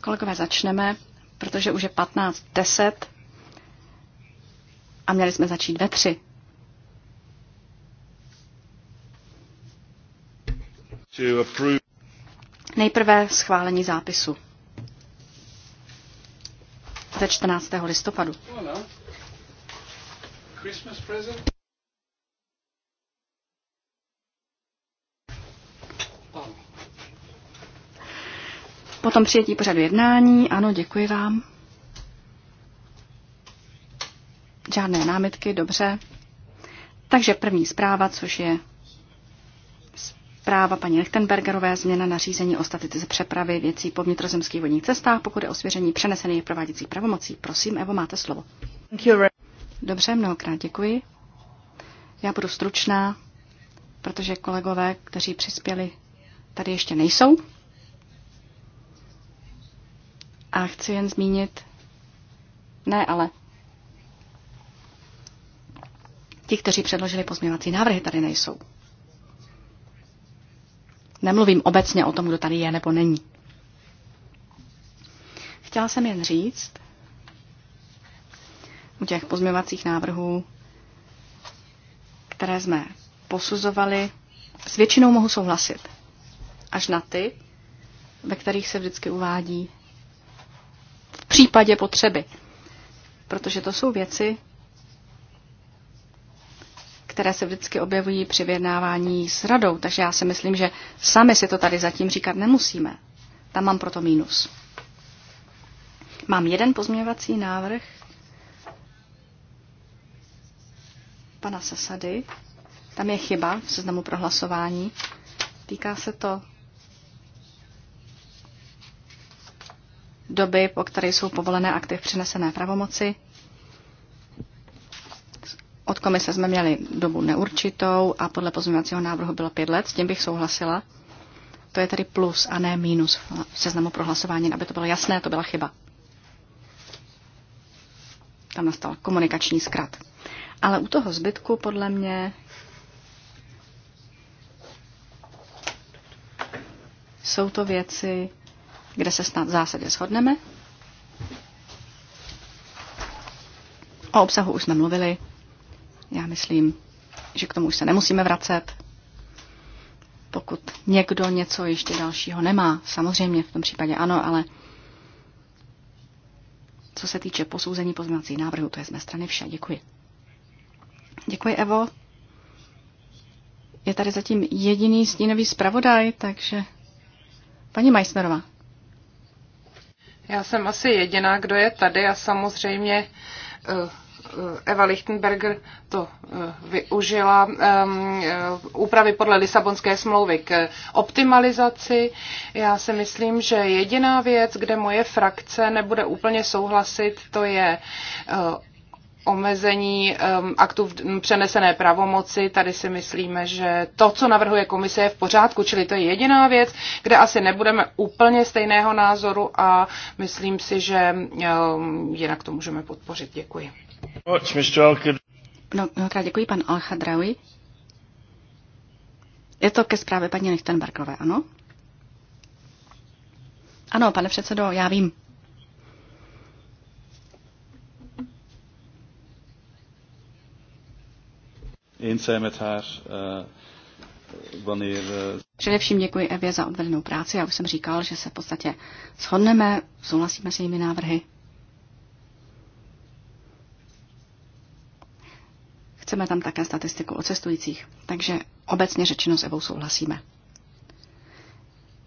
Kolegové, začneme, protože už je 15.10 a měli jsme začít ve 3. Nejprve schválení zápisu ze 14. listopadu. Well, no. Potom přijetí pořadu jednání. Ano, děkuji vám. Žádné námitky, dobře. Takže první zpráva, což je zpráva paní Lichtenbergerové, změna nařízení o statice přepravy věcí po vnitrozemských vodních cestách, pokud je o svěření přenesených prováděcích pravomocí. Prosím, Evo, máte slovo. Dobře, mnohokrát děkuji. Já budu stručná, protože kolegové, kteří přispěli, tady ještě nejsou. A chci jen zmínit, ne, ale ti, kteří předložili pozměňovací návrhy, tady nejsou. Nemluvím obecně o tom, kdo tady je nebo není. Chtěla jsem jen říct, u těch pozměňovacích návrhů, které jsme posuzovali, s většinou mohu souhlasit. Až na ty, ve kterých se vždycky uvádí, případě potřeby. Protože to jsou věci, které se vždycky objevují při vyjednávání s radou. Takže já si myslím, že sami si to tady zatím říkat nemusíme. Tam mám proto mínus. Mám jeden pozměňovací návrh pana Sasady. Tam je chyba v seznamu prohlasování. Týká se to doby, po které jsou povolené akty v přenesené pravomoci. Od komise jsme měli dobu neurčitou a podle pozměňovacího návrhu bylo pět let, s tím bych souhlasila. To je tedy plus a ne minus v seznamu pro hlasování, aby to bylo jasné, to byla chyba. Tam nastal komunikační zkrat. Ale u toho zbytku podle mě jsou to věci, kde se snad v zásadě shodneme. O obsahu už jsme mluvili. Já myslím, že k tomu už se nemusíme vracet. Pokud někdo něco ještě dalšího nemá, samozřejmě v tom případě ano, ale co se týče posouzení poznací návrhu, to je z mé strany vše. Děkuji. Děkuji, Evo. Je tady zatím jediný stínový zpravodaj, takže paní Majsnerová. Já jsem asi jediná, kdo je tady a samozřejmě eh, eh, Eva Lichtenberger to eh, využila ehm, úpravy podle Lisabonské smlouvy k optimalizaci. Já si myslím, že jediná věc, kde moje frakce nebude úplně souhlasit, to je omezení um, aktů v přenesené pravomoci. Tady si myslíme, že to, co navrhuje komise, je v pořádku, čili to je jediná věc, kde asi nebudeme úplně stejného názoru a myslím si, že um, jinak to můžeme podpořit. Děkuji. No, děkuji, pan Alchadraui. Je to ke zprávě paní Lichtenbergové, ano? Ano, pane předsedo, já vím. Eh, eh, Především děkuji Evě za odvedenou práci. Já už jsem říkal, že se v podstatě shodneme, souhlasíme s jejími návrhy. Chceme tam také statistiku o cestujících, takže obecně řečeno s Evou souhlasíme.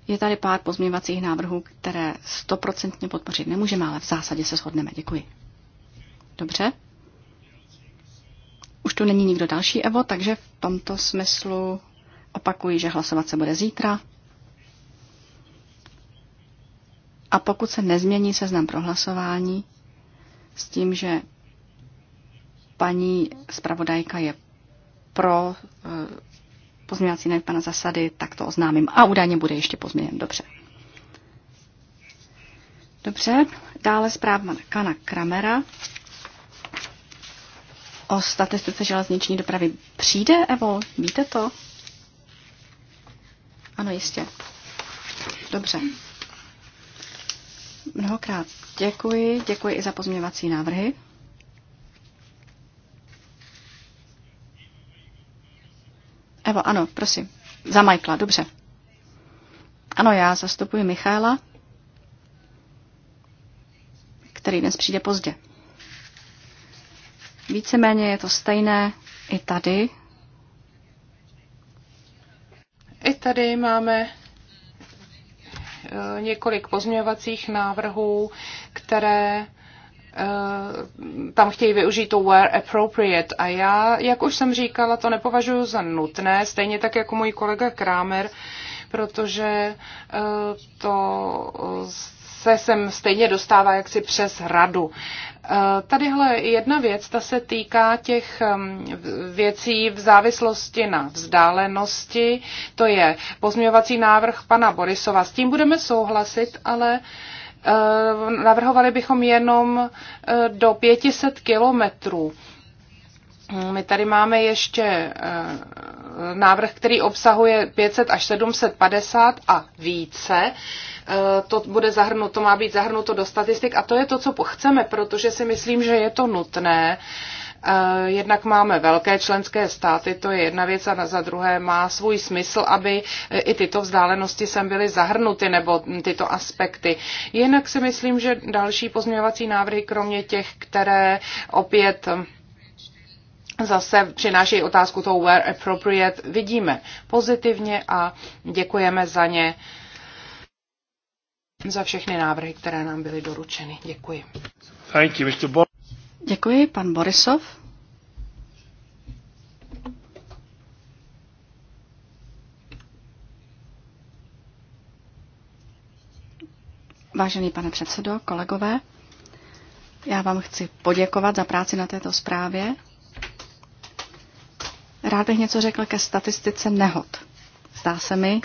Je tady pár pozměňovacích návrhů, které stoprocentně podpořit nemůžeme, ale v zásadě se shodneme. Děkuji. Dobře. Už tu není nikdo další, Evo, takže v tomto smyslu opakuji, že hlasovat se bude zítra. A pokud se nezmění seznam pro hlasování, s tím, že paní zpravodajka je pro eh, pozměňovací návrh pana zasady, tak to oznámím a údajně bude ještě pozměněn. Dobře. Dobře, dále zpráva Kana Kramera o statistice železniční dopravy. Přijde, Evo? Víte to? Ano, jistě. Dobře. Mnohokrát děkuji. Děkuji i za pozměňovací návrhy. Evo, ano, prosím. Za Michaela, dobře. Ano, já zastupuji Michaela, který dnes přijde pozdě. Víceméně je to stejné i tady. I tady máme eh, několik pozměňovacích návrhů, které eh, tam chtějí využít to where appropriate. A já, jak už jsem říkala, to nepovažuji za nutné, stejně tak jako můj kolega Kramer, protože eh, to se sem stejně dostává jaksi přes radu. E, tadyhle jedna věc, ta se týká těch věcí v závislosti na vzdálenosti, to je pozměňovací návrh pana Borisova. S tím budeme souhlasit, ale e, navrhovali bychom jenom e, do 500 kilometrů. My tady máme ještě návrh, který obsahuje 500 až 750 a více, eh, to bude zahrnuto, to má být zahrnuto do statistik a to je to, co chceme, protože si myslím, že je to nutné. Eh, jednak máme velké členské státy, to je jedna věc, a za druhé má svůj smysl, aby eh, i tyto vzdálenosti sem byly zahrnuty nebo tyto aspekty. Jinak si myslím, že další pozměňovací návrhy, kromě těch, které opět zase přinášejí otázku tou where appropriate. Vidíme pozitivně a děkujeme za ně za všechny návrhy, které nám byly doručeny. Děkuji. Thank you, Mr. Děkuji, pan Borisov. Vážený pane předsedo, kolegové, já vám chci poděkovat za práci na této zprávě Rád bych něco řekl ke statistice nehod. Zdá se mi,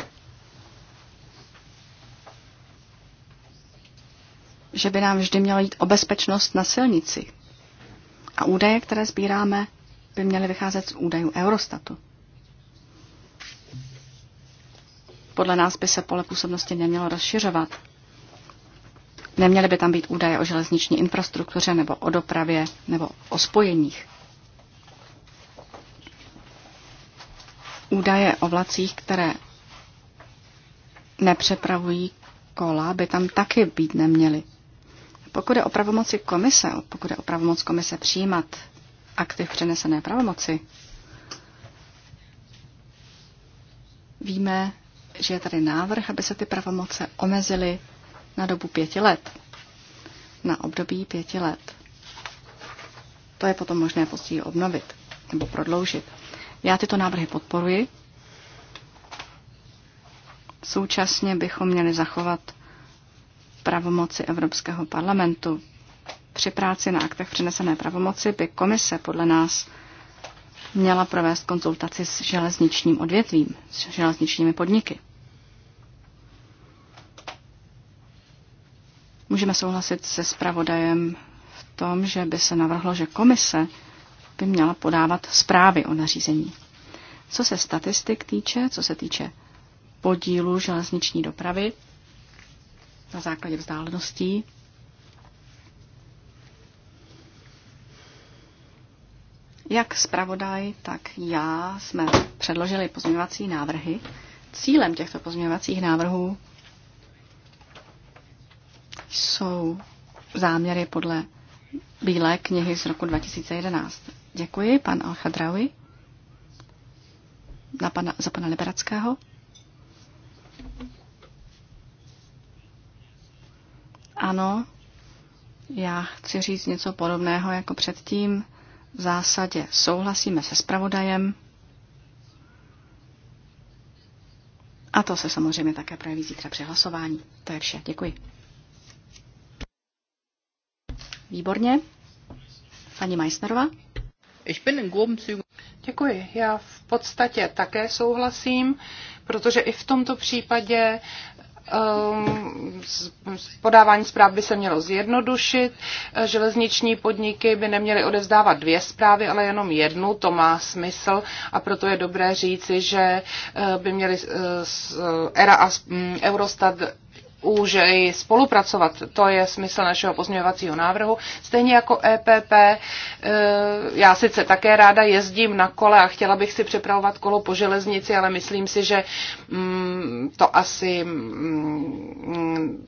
že by nám vždy mělo jít o bezpečnost na silnici. A údaje, které sbíráme, by měly vycházet z údajů Eurostatu. Podle nás by se pole působnosti nemělo rozšiřovat. Neměly by tam být údaje o železniční infrastruktuře nebo o dopravě nebo o spojeních. údaje o vlacích, které nepřepravují kola, by tam taky být neměly. Pokud je o pravomoci komise, pokud je o pravomoc komise přijímat v přenesené pravomoci, víme, že je tady návrh, aby se ty pravomoce omezily na dobu pěti let. Na období pěti let. To je potom možné později obnovit nebo prodloužit. Já tyto návrhy podporuji. Současně bychom měli zachovat pravomoci Evropského parlamentu. Při práci na aktech přenesené pravomoci by komise podle nás měla provést konzultaci s železničním odvětvím, s železničními podniky. Můžeme souhlasit se zpravodajem v tom, že by se navrhlo, že komise by měla podávat zprávy o nařízení. Co se statistik týče, co se týče podílu železniční dopravy na základě vzdáleností, Jak zpravodaj, tak já jsme předložili pozměňovací návrhy. Cílem těchto pozměňovacích návrhů jsou záměry podle Bílé knihy z roku 2011. Děkuji, pan Alchadrawi. Na pana, za pana Liberackého. Ano, já chci říct něco podobného jako předtím. V zásadě souhlasíme se spravodajem. A to se samozřejmě také projeví zítra při hlasování. To je vše. Děkuji. Výborně. Paní Meissnerová. Ich bin in groben Zügen. Děkuji. Já v podstatě také souhlasím, protože i v tomto případě ehm, podávání zpráv by se mělo zjednodušit, železniční podniky by neměly odevzdávat dvě zprávy, ale jenom jednu, to má smysl a proto je dobré říci, že eh, by měly eh, eh, ERA a mm, Eurostat už i spolupracovat. To je smysl našeho pozměňovacího návrhu. Stejně jako EPP, e, já sice také ráda jezdím na kole a chtěla bych si přepravovat kolo po železnici, ale myslím si, že mm, to asi mm,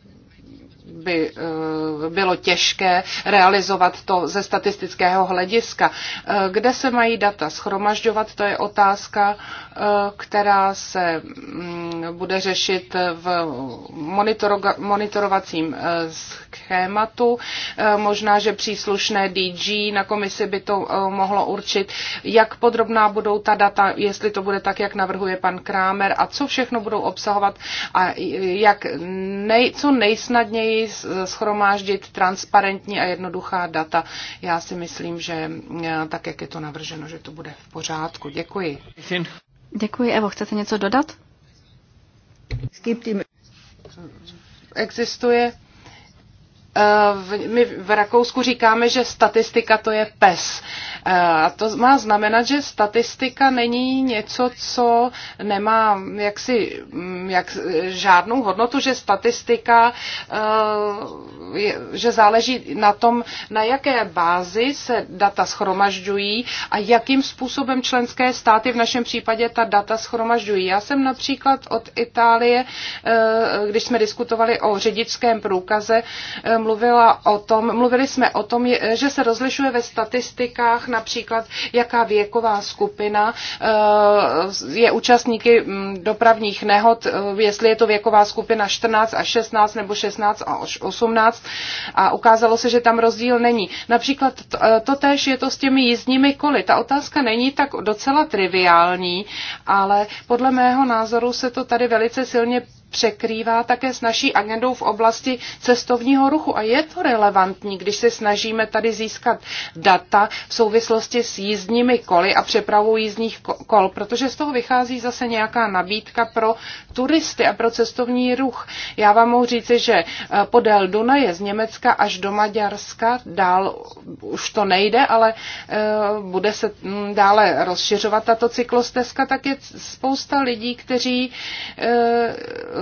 by eh, bylo těžké realizovat to ze statistického hlediska. Eh, kde se mají data schromažďovat, to je otázka, eh, která se mm, bude řešit v monitorovacím schématu. Možná, že příslušné DG na komisi by to mohlo určit, jak podrobná budou ta data, jestli to bude tak, jak navrhuje pan Krámer a co všechno budou obsahovat a jak nej, co nejsnadněji schromáždit transparentní a jednoduchá data. Já si myslím, že eh, tak, jak je to navrženo, že to bude v pořádku. Děkuji. Děkuji, Evo. Chcete něco dodat? Existuje Eh, my v Rakousku říkáme, že statistika to je pes. Eh, a to má znamenat, že statistika není něco, co nemá jaksi mm, jak, eh, žádnou hodnotu, že statistika, že záleží na tom, na jaké bázi se data schromažďují a jakým způsobem členské státy, v našem případě ta data schromažďují. Já jsem například od Itálie, když jsme diskutovali o řidičském průkaze, mluvila o tom, mluvili jsme o tom, že se rozlišuje ve statistikách například, jaká věková skupina eh, je účastníky mm, dopravních nehod, eh, jestli je to věková skupina 14 až 16 nebo 16 až 18 a ukázalo se, že tam rozdíl není. Například eh, to též je to s těmi jízdními koly. Ta otázka není tak docela triviální, ale podle mého názoru se to tady velice silně překrývá také s naší agendou v oblasti cestovního ruchu a je to relevantní, když se snažíme tady získat data v souvislosti s jízdními koly a přepravou jízdních kol, protože z toho vychází zase nějaká nabídka pro turisty a pro cestovní ruch. Já vám mohu říci, že eh, podél Dunaje z Německa až do Maďarska dál už to nejde, ale eh, bude se hm, dále rozšiřovat tato cyklostezka, tak je spousta lidí, kteří eh,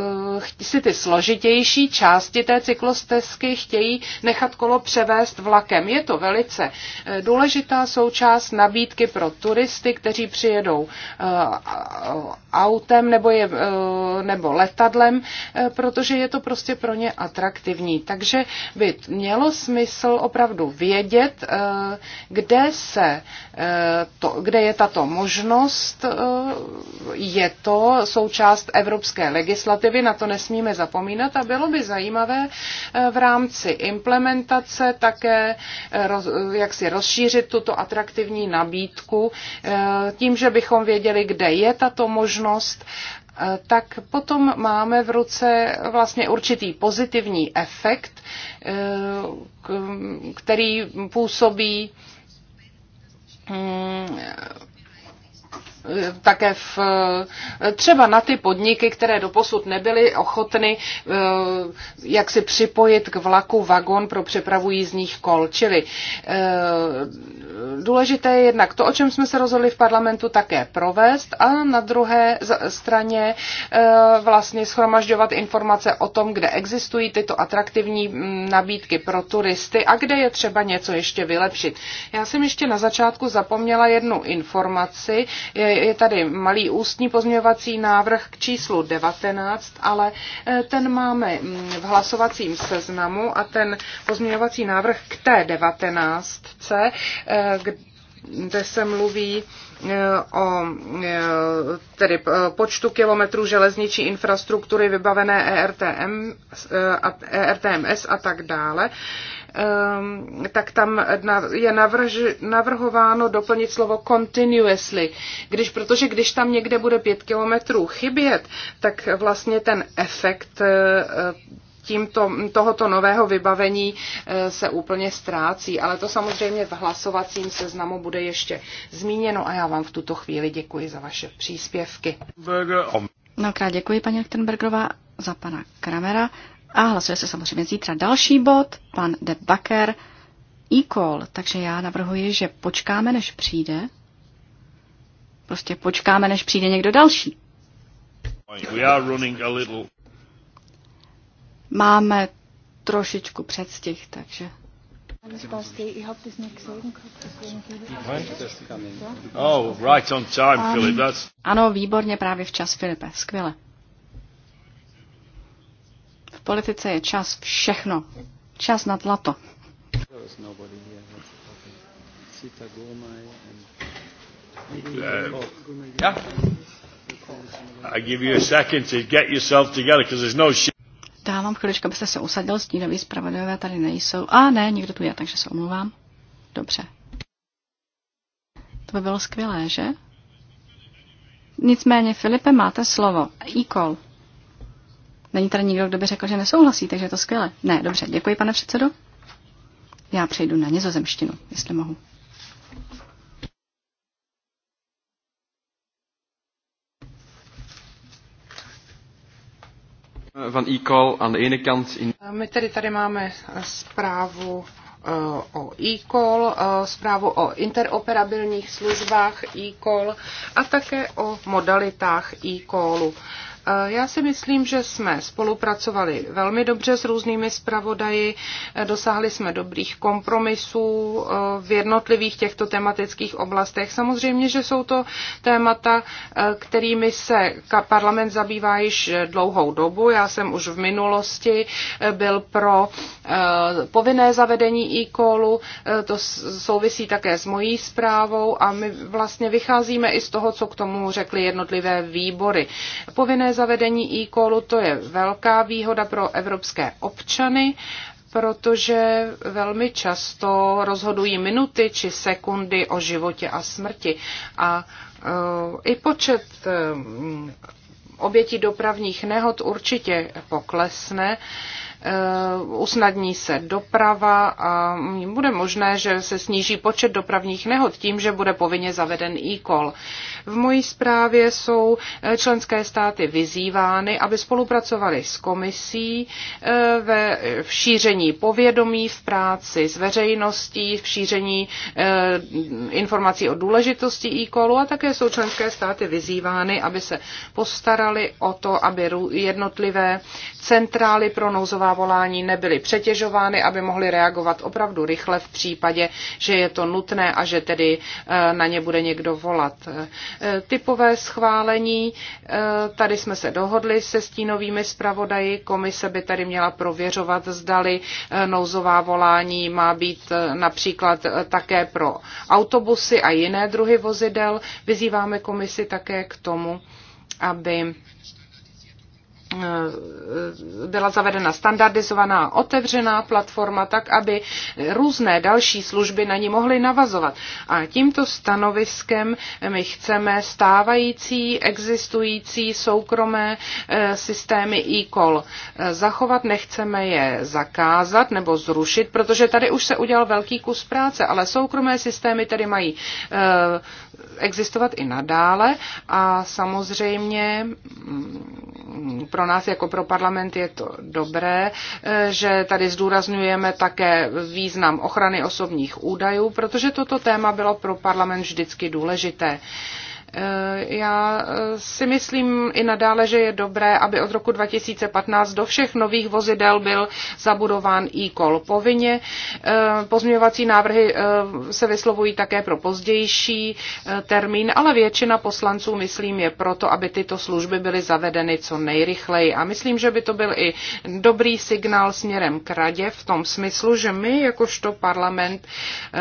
Eh, si ty složitější části té cyklostezky chtějí nechat kolo převést vlakem. Je to velice eh, důležitá součást nabídky pro turisty, kteří přijedou eh, autem nebo, je, nebo letadlem, protože je to prostě pro ně atraktivní. Takže by mělo smysl opravdu vědět, kde, se, to, kde je tato možnost. Je to součást evropské legislativy, návštěvy, na to nesmíme zapomínat a bylo by zajímavé eh, v rámci implementace také eh, roz, jak si rozšířit tuto atraktivní nabídku eh, tím, že bychom věděli, kde je tato možnost tak potom máme v ruce vlastně určitý pozitivní efekt, který působí hm, také v, třeba na ty podniky, které doposud nebyly ochotny eh, jak si připojit k vlaku vagon pro přepravu jízdních kol. Čili eh, důležité je jednak to, o čem jsme se rozhodli v parlamentu také provést a na druhé straně e, vlastně schromažďovat informace o tom, kde existují tyto atraktivní nabídky pro turisty a kde je třeba něco ještě vylepšit. Já jsem ještě na začátku zapomněla jednu informaci. Je, je tady malý ústní pozměňovací návrh k číslu 19, ale e, ten máme v hlasovacím seznamu a ten pozměňovací návrh k té 19 kde se mluví e, o e, tedy e, počtu kilometrů železniční infrastruktury vybavené ERTM, ERTMS a tak dále, tak tam je navrž, navrhováno doplnit slovo continuously, když, protože když tam někde bude pět kilometrů chybět, tak vlastně ten efekt tímto, tohoto nového vybavení eh, se úplně ztrácí. Ale to samozřejmě v hlasovacím seznamu bude ještě zmíněno a já vám v tuto chvíli děkuji za vaše příspěvky. Mnohokrát děkuji, paní Lichtenbergerová, za pana Kramera. A hlasuje se samozřejmě zítra další bod, pan De Baker, e-call. Takže já navrhuji, že počkáme, než přijde. Prostě počkáme, než přijde někdo další. We are running a little máme trošičku předstih, takže. Oh, ano, výborně právě včas, Filipe. Skvěle. V politice je čas všechno. Čas na zlato. I give you a second to get yourself together because there's no Dávám chviličku, abyste se usadil, stínoví zpravodajové tady nejsou. A ne, někdo tu je, takže se omluvám. Dobře. To by bylo skvělé, že? Nicméně, Filipe, máte slovo. E-call. Není tady nikdo, kdo by řekl, že nesouhlasí, takže je to skvělé. Ne, dobře, děkuji, pane předsedo. Já přejdu na nizozemštinu, jestli mohu. Van e-call aan de ene kant in... Eh, my tedy tady máme eh, zprávu eh, o e-call, zprávu o interoperabilních službách e-call a také o modalitách e-callu. Já si myslím, že jsme spolupracovali velmi dobře s různými zpravodaji, dosáhli jsme dobrých kompromisů eh, v jednotlivých těchto tematických oblastech. Samozřejmě, že jsou to témata, eh, kterými se parlament zabývá již dlouhou dobu. Já jsem už v minulosti eh, byl pro povinné zavedení e-callu, to souvisí také s mojí zprávou a my vlastně vycházíme i z toho, co k tomu řekly jednotlivé výbory. Povinné zavedení e-callu to je velká výhoda pro evropské občany, protože velmi často rozhodují minuty či sekundy o životě a smrti. A uh, i počet uh, obětí dopravních nehod určitě poklesne. Uh, usnadní se doprava a bude možné, že se sníží počet dopravních nehod tím, že bude povinně zaveden e-call. V mojí zprávě jsou eh, členské státy vyzývány, aby spolupracovali s komisí eh, ve eh, v šíření povědomí v práci s veřejností, v šíření informací o důležitosti e-callu a také jsou členské státy vyzývány, aby se postarali o to, aby jednotlivé centrály pro nouzová volání nebyly přetěžovány, aby mohly reagovat opravdu rychle v případě, že je to nutné a že tedy na ně bude někdo volat. Eh, typové schválení. Eh, tady jsme se dohodli se stínovými zpravodaji. Komise by tady měla prověřovat, zdali eh, nouzová volání má být například také pro autobusy a jiné druhy vozidel. Vyzýváme komisi také k tomu, aby Eh, byla zavedena standardizovaná otevřená platforma, tak aby různé další služby na ní mohly navazovat. A tímto stanoviskem my chceme stávající, existující soukromé eh, systémy e-call eh, zachovat, nechceme je zakázat nebo zrušit, protože tady už se udělal velký kus práce, ale soukromé systémy tedy mají existovat i nadále a samozřejmě mm, pro pro nás jako pro parlament je to dobré, eh, že tady zdůrazňujeme také význam ochrany osobních údajů, protože toto téma bylo pro parlament vždycky důležité. Eh, já eh, si myslím i nadále, že je dobré, aby od roku 2015 do všech nových vozidel byl zabudován e-call povinně. Eh, pozměňovací návrhy se vyslovují také pro pozdější termín, ale většina poslanců, myslím, je proto, aby tyto služby byly zavedeny co nejrychleji. A myslím, že by to byl i dobrý signál směrem k radě v tom smyslu, že my, jakožto parlament,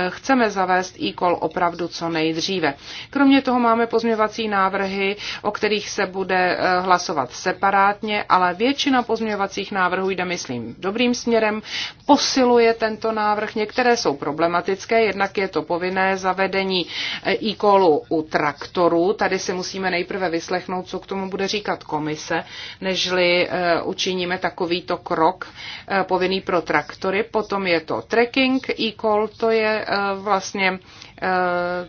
chceme zavést e-call opravdu co nejdříve. Kromě toho máme poz pozměňovací návrhy, o kterých se bude eh, hlasovat separátně, ale většina pozměňovacích návrhů jde, myslím, dobrým směrem, posiluje tento návrh. Některé jsou problematické, jednak je to povinné zavedení eh, e-callu u traktorů. Tady si musíme nejprve vyslechnout, co k tomu bude říkat komise, nežli eh, učiníme takovýto krok povinný pro traktory. Potom je to tracking, e-call, to je vlastně Eh,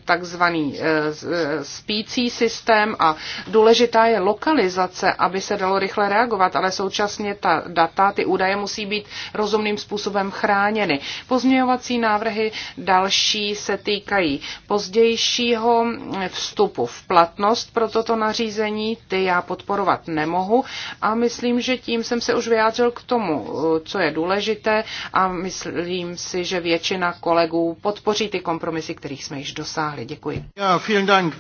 takzvaný eh, eh, spící systém a důležitá je lokalizace, aby se dalo rychle reagovat, ale současně ta data, ty údaje musí být rozumným způsobem chráněny. Pozměňovací návrhy další se týkají pozdějšího vstupu v platnost pro toto nařízení, ty já podporovat nemohu a myslím, že tím jsem se už vyjádřil k tomu, co je důležité a myslím si, že většina kolegů podpoří ty kompromisy, kterých kterých jsme již dosáhli. Děkuji. Ja, vielen Dank.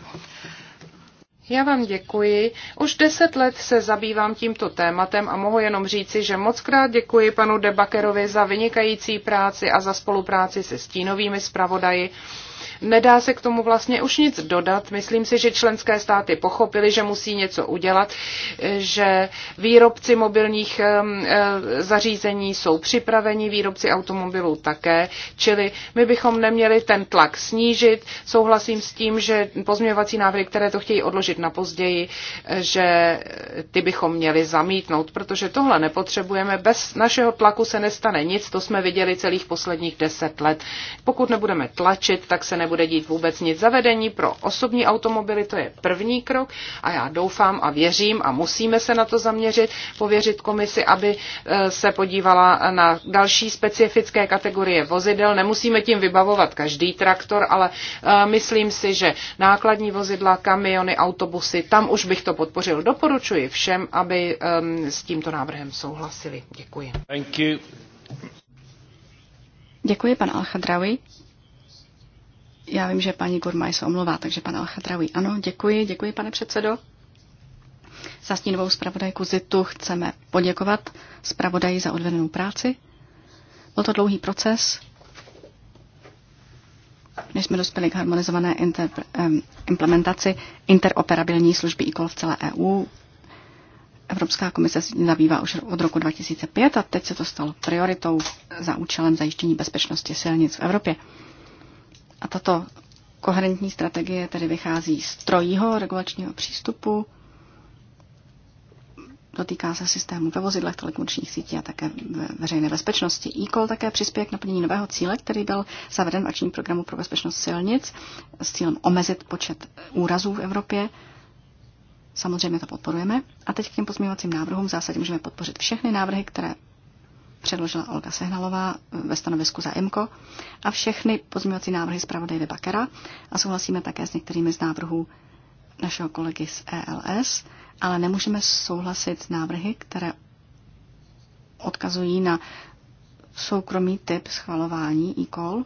Já vám děkuji. Už deset let se zabývám tímto tématem a mohu jenom říci, že moc krát děkuji panu Debakerovi za vynikající práci a za spolupráci se stínovými zpravodaji Nedá se k tomu vlastně už nic dodat. Myslím si, že členské státy pochopili, že musí něco udělat, že výrobci mobilních e, zařízení jsou připraveni, výrobci automobilů také, čili my bychom neměli ten tlak snížit. Souhlasím s tím, že pozměňovací návrhy, které to chtějí odložit na později, že ty bychom měli zamítnout, protože tohle nepotřebujeme. Bez našeho tlaku se nestane nic, to jsme viděli celých posledních deset let. Pokud nebudeme tlačit, tak se nebudeme nebude dít vůbec nic. Zavedení pro osobní automobily, to je první krok a já doufám a věřím a musíme se na to zaměřit, pověřit komisi, aby e, se podívala na další specifické kategorie vozidel. Nemusíme tím vybavovat každý traktor, ale e, myslím si, že nákladní vozidla, kamiony, autobusy, tam už bych to podpořil. Doporučuji všem, aby s tímto návrhem souhlasili. Děkuji. Thank you. Děkuji, pan Alchadrawi. Já vím, že paní Gurmaj se omlouvá, takže pan Alchatraoui. Ano, děkuji, děkuji, pane předsedo. Za stínovou zpravodajku ZITu chceme poděkovat zpravodaji za odvedenou práci. Byl to dlouhý proces, než jsme dospěli k harmonizované inter, implementaci interoperabilní služby e v celé EU. Evropská komise se zabývá už od roku 2005 a teď se to stalo prioritou za účelem zajištění bezpečnosti silnic v Evropě. A tato koherentní strategie tedy vychází z trojího regulačního přístupu, dotýká se systému ve vozidlech, telekomunikačních sítí a také ve veřejné bezpečnosti. E-call také přispěje k naplnění nového cíle, který byl zaveden v akčním programu pro bezpečnost silnic s cílem omezit počet úrazů v Evropě. Samozřejmě to podporujeme. A teď k těm pozměňovacím návrhům. V zásadě můžeme podpořit všechny návrhy, které předložila Olga Sehnalová eh, ve stanovisku za EMKO a všechny pozměňovací návrhy zpravodaje Bakera a souhlasíme také s některými z návrhů našeho kolegy z ELS, ale nemůžeme souhlasit s návrhy, které odkazují na soukromý typ schvalování e-call,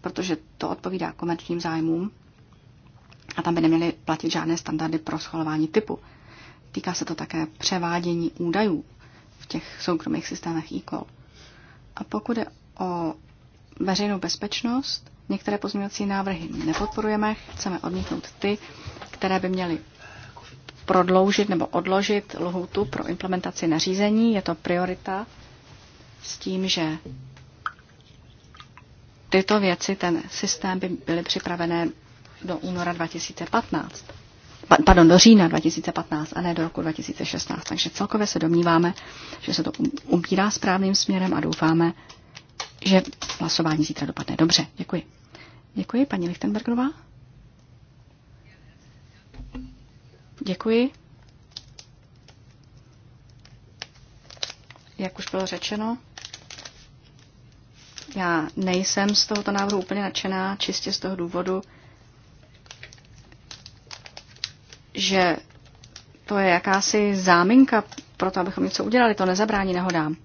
protože to odpovídá komerčním zájmům a tam by neměly platit žádné standardy pro schvalování typu. Týká se to také převádění údajů v těch soukromých systémech e-call. A pokud je o veřejnou bezpečnost, některé pozměňovací návrhy nepodporujeme, chceme odmítnout ty, které by měly prodloužit nebo odložit lhůtu pro implementaci nařízení. Je to priorita s tím, že tyto věci, ten systém by byly připravené do února 2015 pardon, do října 2015 a ne do roku 2016. Takže celkově se domníváme, že se to um, ubírá správným směrem a doufáme, že hlasování zítra dopadne dobře. Děkuji. Děkuji, paní Lichtenbergová. Děkuji. Jak už bylo řečeno, já nejsem z tohoto návrhu úplně nadšená, čistě z toho důvodu, že to je jakási záminka pro to, abychom něco udělali. To nezabrání nehodám.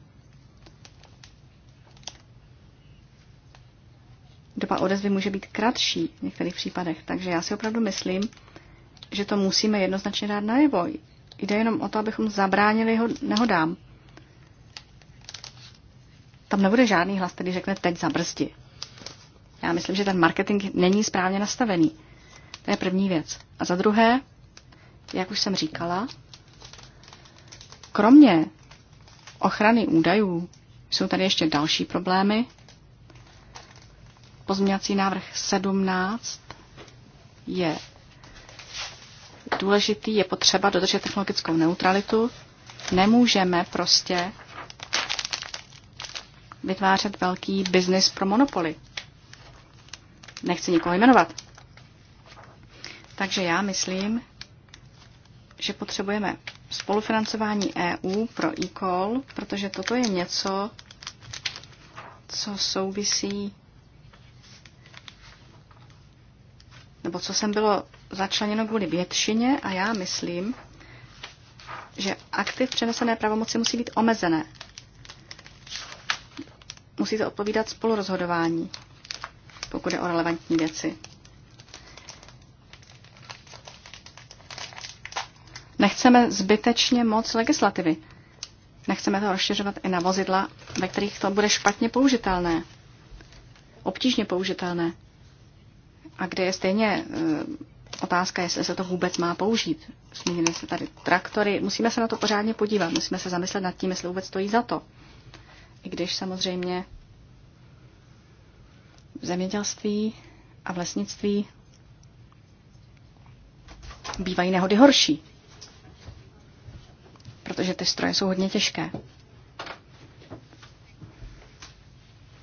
Doba odezvy může být kratší v některých případech, takže já si opravdu myslím, že to musíme jednoznačně dát najevo. Jde jenom o to, abychom zabránili ho nehodám. Tam nebude žádný hlas, který řekne teď zabrzdi. Já myslím, že ten marketing není správně nastavený. To je první věc. A za druhé, jak už jsem říkala, kromě ochrany údajů jsou tady ještě další problémy. Pozměňovací návrh 17 je důležitý, je potřeba dodržet technologickou neutralitu. Nemůžeme prostě vytvářet velký biznis pro monopoly. Nechci nikoho jmenovat. Takže já myslím, že potřebujeme spolufinancování EU pro e-call, protože toto je něco, co souvisí nebo co sem bylo začleněno kvůli většině a já myslím, že aktiv přenesené pravomoci musí být omezené. Musí to odpovídat spolurozhodování, pokud je o relevantní věci. nechceme zbytečně moc legislativy. Nechceme to rozšiřovat i na vozidla, ve kterých to bude špatně použitelné, obtížně použitelné. A kde je stejně e, otázka, jestli se to vůbec má použít. Zmínili se tady traktory. Musíme se na to pořádně podívat. Musíme se zamyslet nad tím, jestli vůbec stojí za to. I když samozřejmě v zemědělství a v lesnictví bývají nehody horší protože ty stroje jsou hodně těžké.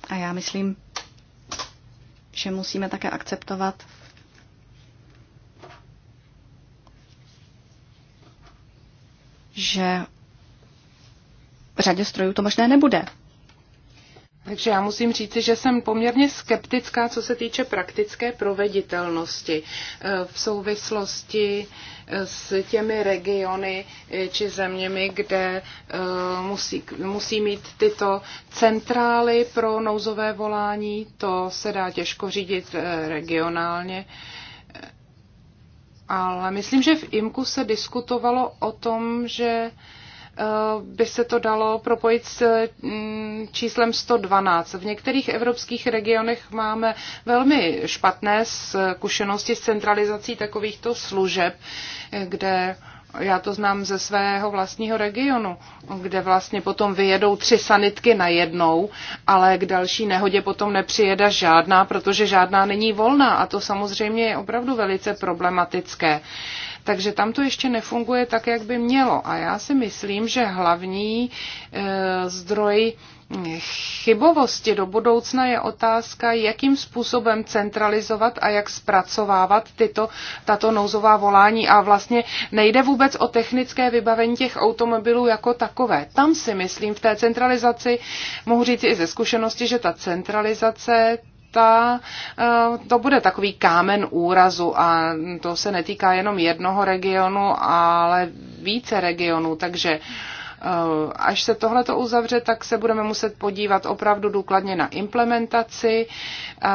A já myslím, že musíme také akceptovat že v řadě strojů to možné nebude. Takže já musím říci, že jsem poměrně skeptická, co se týče praktické proveditelnosti eh, v souvislosti eh, s těmi regiony eh, či zeměmi, kde musí, musí mít tyto centrály pro nouzové volání. To se dá těžko řídit regionálně. Ale myslím, že v IMKU se diskutovalo o tom, že Eh, by se to dalo propojit s mm, číslem 112. V některých evropských regionech máme velmi špatné zkušenosti s centralizací takovýchto služeb, kde já to znám ze svého vlastního regionu, kde vlastně potom vyjedou tři sanitky na jednou, ale k další nehodě potom nepřijede žádná, protože žádná není volná a to samozřejmě je opravdu velice problematické. Takže tam to ještě nefunguje tak, jak by mělo. A já si myslím, že hlavní e, zdroj chybovosti do budoucna je otázka, jakým způsobem centralizovat a jak zpracovávat tyto, tato nouzová volání. A vlastně nejde vůbec o technické vybavení těch automobilů jako takové. Tam si myslím, v té centralizaci, mohu říct i ze zkušenosti, že ta centralizace ta, eh, to bude takový kámen úrazu a to se netýká jenom jednoho regionu, ale více regionů, takže eh, Až se tohle to uzavře, tak se budeme muset podívat opravdu důkladně na implementaci eh,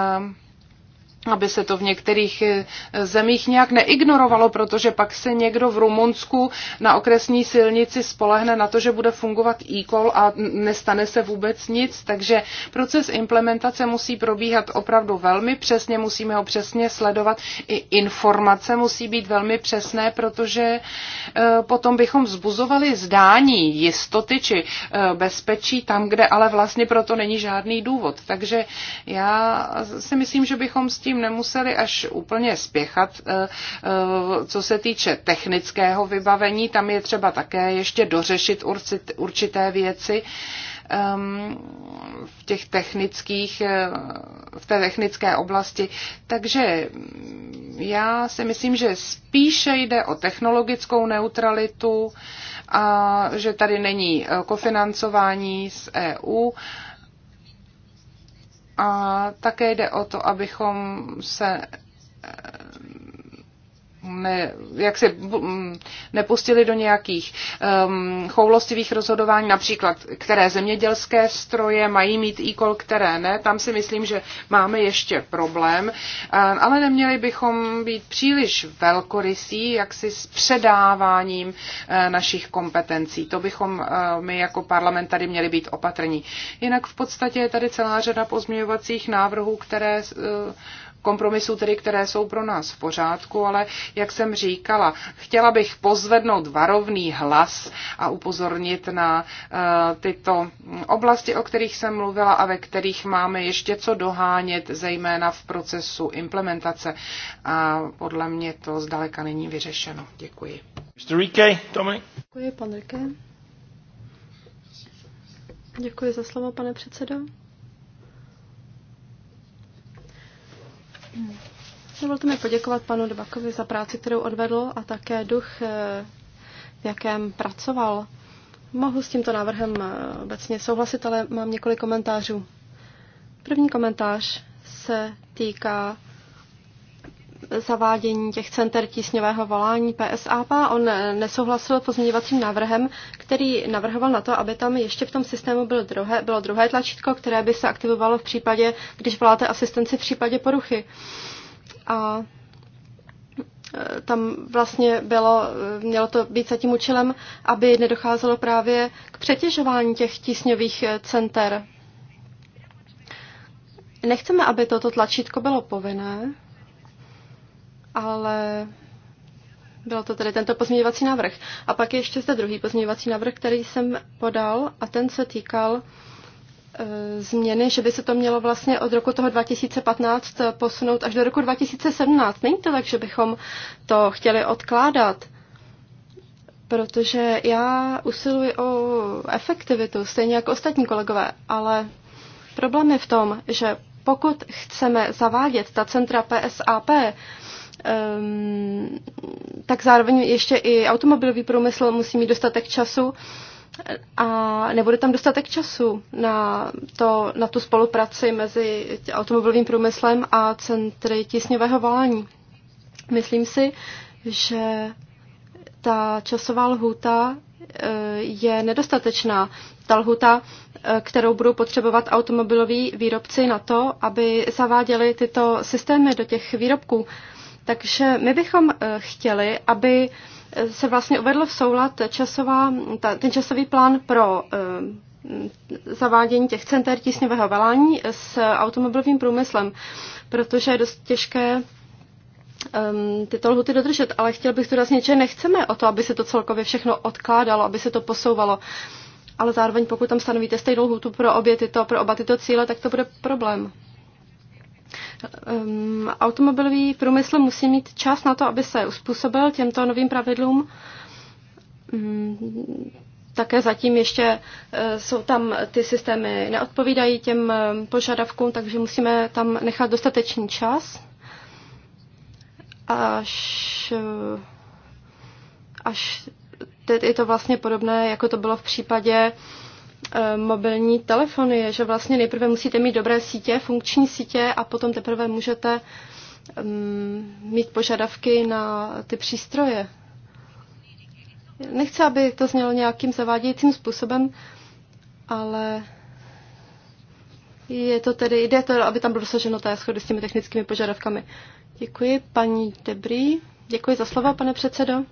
aby se to v některých eh, zemích nějak neignorovalo, protože pak se někdo v Rumunsku na okresní silnici spolehne na to, že bude fungovat e-call a nestane se vůbec nic, takže proces implementace musí probíhat opravdu velmi přesně, musíme ho přesně sledovat, i informace musí být velmi přesné, protože eh, potom bychom vzbuzovali zdání jistoty či eh, bezpečí tam, kde ale vlastně proto není žádný důvod. Takže já si myslím, že bychom s tím tím nemuseli až úplně spěchat, eh, eh, co se týče technického vybavení. Tam je třeba také ještě dořešit určité věci ehm, v těch technických, eh, v té technické oblasti. Takže já si myslím, že spíše jde o technologickou neutralitu a že tady není kofinancování z EU. A také jde o to, abychom se ne, jak si nepustili do nějakých um, choulostivých rozhodování, například které zemědělské stroje mají mít e-call, které ne. Tam si myslím, že máme ještě problém, ale neměli bychom být příliš velkorysí, jak si s předáváním uh, našich kompetencí. To bychom uh, my jako parlament tady měli být opatrní. Jinak v podstatě je tady celá řada pozměňovacích návrhů, které uh, kompromisů, tedy, které jsou pro nás v pořádku, ale jak jsem říkala, chtěla bych pozvednout varovný hlas a upozornit na uh, tyto oblasti, o kterých jsem mluvila a ve kterých máme ještě co dohánět, zejména v procesu implementace. A podle mě to zdaleka není vyřešeno. Děkuji. Mr. Rike, Děkuji, pan Rike. Děkuji za slovo, pane předsedo. Dovolte mi poděkovat panu Debakovi za práci, kterou odvedl a také duch, eh, v jakém pracoval. Mohu s tímto návrhem eh, obecně souhlasit, ale mám několik komentářů. První komentář se týká zavádění těch center tísňového volání PSAP. On eh, nesouhlasil pozměňovacím návrhem, který navrhoval na to, aby tam ještě v tom systému bylo druhé, bylo druhé tlačítko, které by se aktivovalo v případě, když voláte asistenci v případě poruchy. A eh, tam vlastně bylo, eh, mělo to být za tím účelem, aby nedocházelo právě k přetěžování těch tísňových center. Nechceme, aby toto tlačítko bylo povinné, ale byl to tedy tento pozměňovací návrh. A pak je ještě zde druhý pozměňovací návrh, který jsem podal a ten se týkal e, změny, že by se to mělo vlastně od roku toho 2015 posunout až do roku 2017. Není to tak, že bychom to chtěli odkládat, protože já usiluji o efektivitu, stejně jako ostatní kolegové, ale problém je v tom, že pokud chceme zavádět ta centra PSAP, Ehm, tak zároveň ještě i automobilový průmysl musí mít dostatek času a nebude tam dostatek času na, to, na tu spolupráci mezi automobilovým průmyslem a centry tísňového volání. Myslím si, že ta časová lhůta eh, je nedostatečná. Ta lhuta, eh, kterou budou potřebovat automobiloví výrobci na to, aby zaváděli tyto systémy do těch výrobků. Takže my bychom eh, chtěli, aby se vlastně uvedl v soulad časová, ta, ten časový plán pro eh, zavádění těch center tísňového velání s automobilovým průmyslem, protože je dost těžké um, tyto lhuty dodržet, ale chtěl bych zdůraznit, že nechceme o to, aby se to celkově všechno odkládalo, aby se to posouvalo. Ale zároveň, pokud tam stanovíte stejnou lhutu pro, obě tyto, pro oba tyto cíle, tak to bude problém um, automobilový průmysl musí mít čas na to, aby se uspůsobil těmto novým pravidlům. Um, také zatím ještě eh, jsou tam ty systémy neodpovídají těm ehm, požadavkům, takže musíme tam nechat dostatečný čas, až, eh, až teď je to vlastně podobné, jako to bylo v případě Eh, mobilní telefony je, že vlastně nejprve musíte mít dobré sítě, funkční sítě a potom teprve můžete mm, mít požadavky na ty přístroje. Nechci, aby to znělo nějakým zavádějícím způsobem, ale je to tedy, jde to, aby tam bylo dosaženo té schody s těmi technickými požadavkami. Děkuji, paní Debrý. Děkuji za slova, pane předsedo.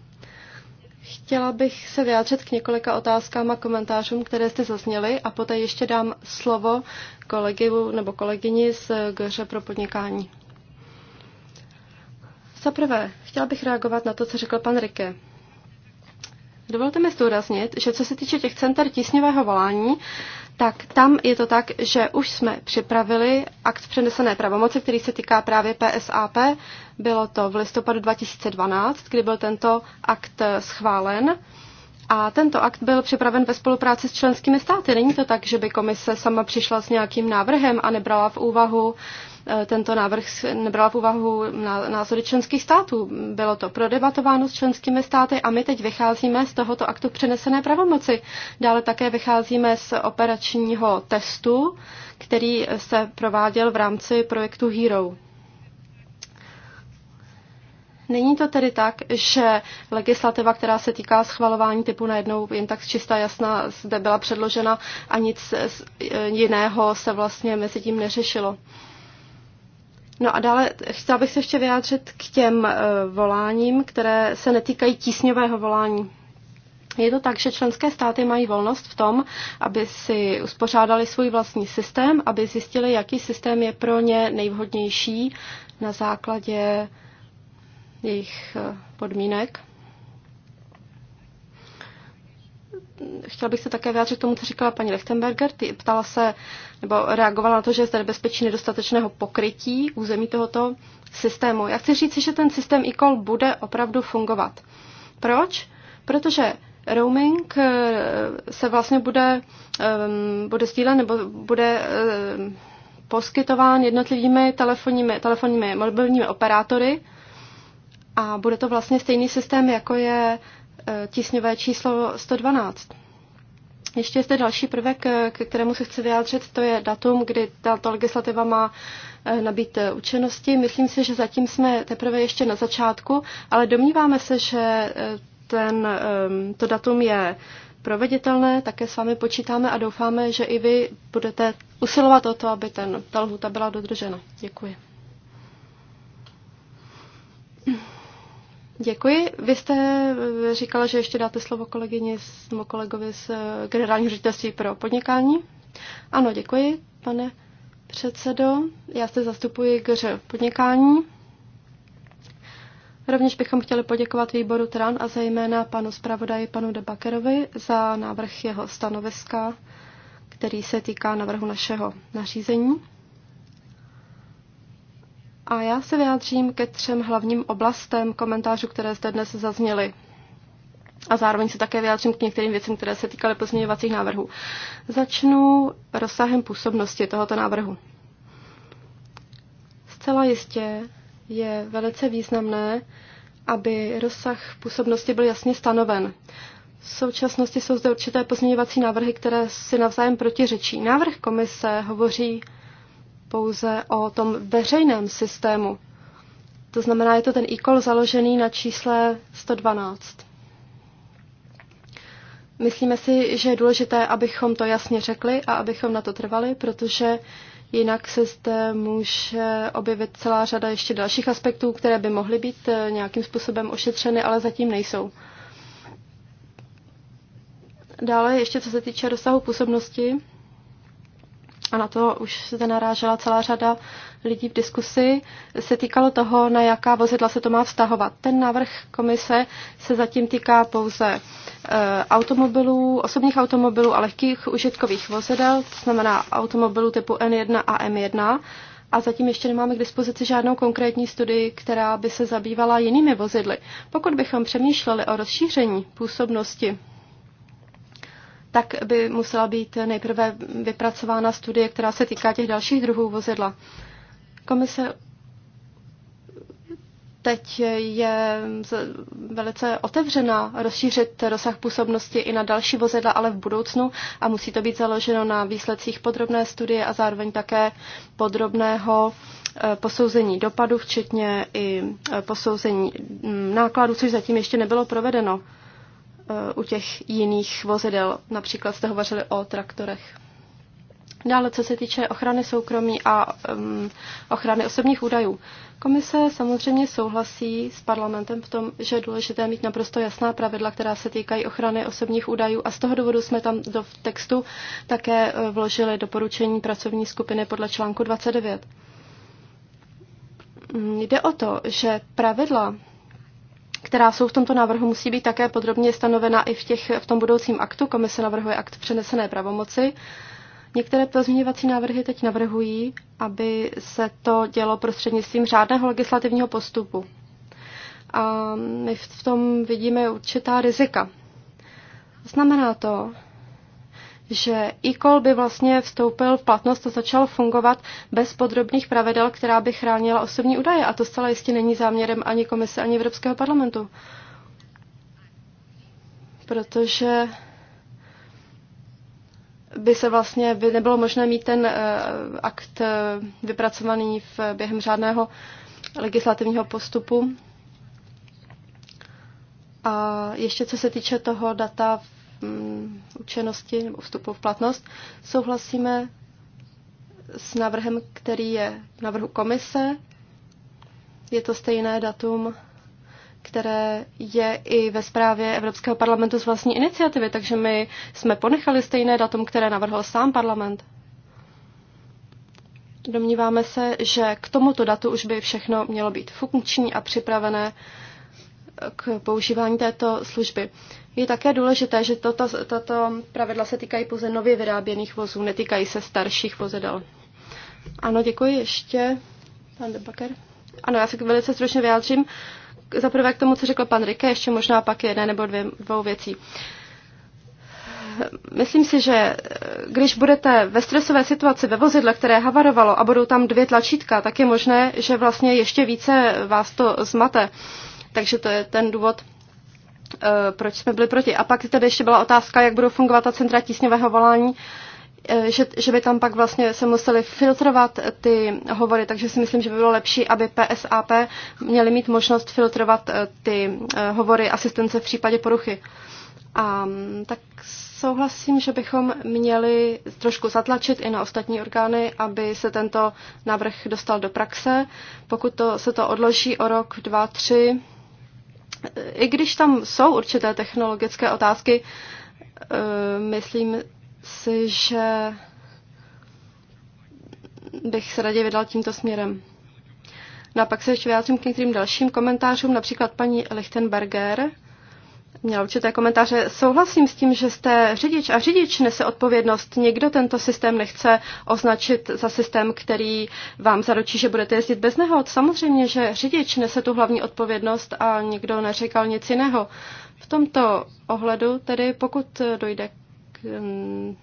Chtěla bych se vyjádřit k několika otázkám a komentářům, které jste zazněli a poté ještě dám slovo kolegu nebo kolegyni z Gře pro podnikání. Za prvé, chtěla bych reagovat na to, co řekl pan Rike. Dovolte mi zdůraznit, že co se týče těch center tísňového volání, tak tam je to tak, že už jsme připravili akt přenesené pravomoci, který se týká právě PSAP. Bylo to v listopadu 2012, kdy byl tento akt schválen. A tento akt byl připraven ve spolupráci s členskými státy. Není to tak, že by komise sama přišla s nějakým návrhem a nebrala v úvahu eh, tento návrh nebrala v úvahu názory členských států. Bylo to prodebatováno s členskými státy a my teď vycházíme z tohoto aktu přenesené pravomoci. Dále také vycházíme z operačního testu, který se prováděl v rámci projektu Hero. Není to tedy tak, že legislativa, která se týká schvalování typu najednou jen tak čistá jasná zde byla předložena a nic jiného se vlastně mezi tím neřešilo. No a dále chtěla bych se ještě vyjádřit k těm e, voláním, které se netýkají tísňového volání. Je to tak, že členské státy mají volnost v tom, aby si uspořádali svůj vlastní systém, aby zjistili, jaký systém je pro ně nejvhodnější na základě jejich eh, podmínek. Chtěla bych se také vyjádřit k tomu, co říkala paní Lechtenberger. Ty ptala se, nebo reagovala na to, že je zde nebezpečí nedostatečného pokrytí území tohoto systému. Já chci říct, že ten systém e bude opravdu fungovat. Proč? Protože roaming eh, se vlastně bude, ehm, bude sdílen nebo bude ehm, poskytován jednotlivými telefonními, telefonními mobilními operátory a bude to vlastně stejný systém, jako je e, tísňové číslo 112. Ještě je zde další prvek, e, k kterému se chci vyjádřit, to je datum, kdy tato legislativa má e, nabít účinnosti. Myslím si, že zatím jsme teprve ještě na začátku, ale domníváme se, že ten, to datum je proveditelné, také s vámi počítáme a doufáme, že i vy budete usilovat o to, aby ten, ta lhuta byla dodržena. Děkuji. Děkuji. Vy jste eh, říkala, že ještě dáte slovo kolegyni, s kolegovi z eh, generálního ředitelství pro podnikání. Ano, děkuji, pane předsedo. Já se zastupuji GŘ podnikání. Rovněž bychom chtěli poděkovat výboru TRAN a zejména panu zpravodaji, panu Debakerovi, za návrh jeho stanoviska, který se týká návrhu našeho nařízení. A já se vyjádřím ke třem hlavním oblastem komentářů, které zde dnes zazněly. A zároveň se také vyjádřím k některým věcem, které se týkaly pozměňovacích návrhů. Začnu rozsahem působnosti tohoto návrhu. Zcela jistě je velice významné, aby rozsah působnosti byl jasně stanoven. V současnosti jsou zde určité pozměňovací návrhy, které si navzájem protiřečí. Návrh komise hovoří pouze o tom veřejném systému. To znamená, je to ten e založený na čísle 112. Myslíme si, že je důležité, abychom to jasně řekli a abychom na to trvali, protože jinak se zde může objevit celá řada ještě dalších aspektů, které by mohly být eh, nějakým způsobem ošetřeny, ale zatím nejsou. Dále ještě co se týče rozsahu působnosti, a na to už se narážela celá řada lidí v diskusi, se týkalo toho, na jaká vozidla se to má vztahovat. Ten návrh komise se zatím týká pouze e, automobilů, osobních automobilů a lehkých užitkových vozidel, to znamená automobilů typu N1 a M1. A zatím ještě nemáme k dispozici žádnou konkrétní studii, která by se zabývala jinými vozidly. Pokud bychom přemýšleli o rozšíření působnosti tak by musela být nejprve vypracována studie, která se týká těch dalších druhů vozidla. Komise teď je velice otevřena rozšířit rozsah působnosti i na další vozidla, ale v budoucnu a musí to být založeno na výsledcích podrobné studie a zároveň také podrobného e, posouzení dopadu, včetně i e, posouzení nákladů, což zatím ještě nebylo provedeno u těch jiných vozidel. Například jste hovořili o traktorech. Dále, co se týče ochrany soukromí a um, ochrany osobních údajů. Komise samozřejmě souhlasí s parlamentem v tom, že je důležité mít naprosto jasná pravidla, která se týkají ochrany osobních údajů a z toho důvodu jsme tam do textu také uh, vložili doporučení pracovní skupiny podle článku 29. Mm, jde o to, že pravidla která jsou v tomto návrhu, musí být také podrobně stanovena i v, těch, v tom budoucím aktu. Komise navrhuje akt přenesené pravomoci. Některé pozměňovací návrhy teď navrhují, aby se to dělo prostřednictvím řádného legislativního postupu. A my v tom vidíme určitá rizika. Znamená to, že e-call by vlastně vstoupil v platnost a začal fungovat bez podrobných pravidel, která by chránila osobní údaje. A to zcela jistě není záměrem ani komise, ani Evropského parlamentu. Protože by se vlastně by nebylo možné mít ten uh, akt uh, vypracovaný v, během řádného legislativního postupu. A ještě co se týče toho data Mm, účinnosti nebo vstupu v platnost, souhlasíme s návrhem, který je v návrhu komise. Je to stejné datum, které je i ve zprávě Evropského parlamentu z vlastní iniciativy, takže my jsme ponechali stejné datum, které navrhl sám parlament. Domníváme se, že k tomuto datu už by všechno mělo být funkční a připravené k používání této služby. Je také důležité, že toto, toto pravidla se týkají pouze nově vyráběných vozů, netýkají se starších vozidel. Ano, děkuji ještě. Pan Debaker. Ano, já se velice stručně vyjádřím. Za prvé k tomu, co řekl pan Rike, ještě možná pak jedné nebo dvě, dvou věcí. Myslím si, že eh, když budete ve stresové situaci ve vozidle, které havarovalo a budou tam dvě tlačítka, tak je možné, že vlastně ještě více vás to zmate. Takže to je ten důvod, Eh, proč jsme byli proti. A pak tady ještě byla otázka, jak budou fungovat ta centra tísňového volání, eh, že, že by tam pak vlastně se museli filtrovat ty hovory, takže si myslím, že by bylo lepší, aby PSAP měli mít možnost filtrovat eh, ty hovory asistence v případě poruchy. A mm, tak souhlasím, že bychom měli trošku zatlačit i na ostatní orgány, aby se tento návrh dostal do praxe. Pokud to, se to odloží o rok, dva, tři, i když tam jsou určité technologické otázky, eh, myslím si, že bych se raději vydal tímto směrem. No a pak se ještě vyjádřím k některým dalším komentářům, například paní Lichtenberger, měla určité komentáře. Souhlasím s tím, že jste řidič a řidič nese odpovědnost. Někdo tento systém nechce označit za systém, který vám zaručí, že budete jezdit bez nehod. Samozřejmě, že řidič nese tu hlavní odpovědnost a nikdo neříkal nic jiného. V tomto ohledu tedy, pokud dojde k, mm,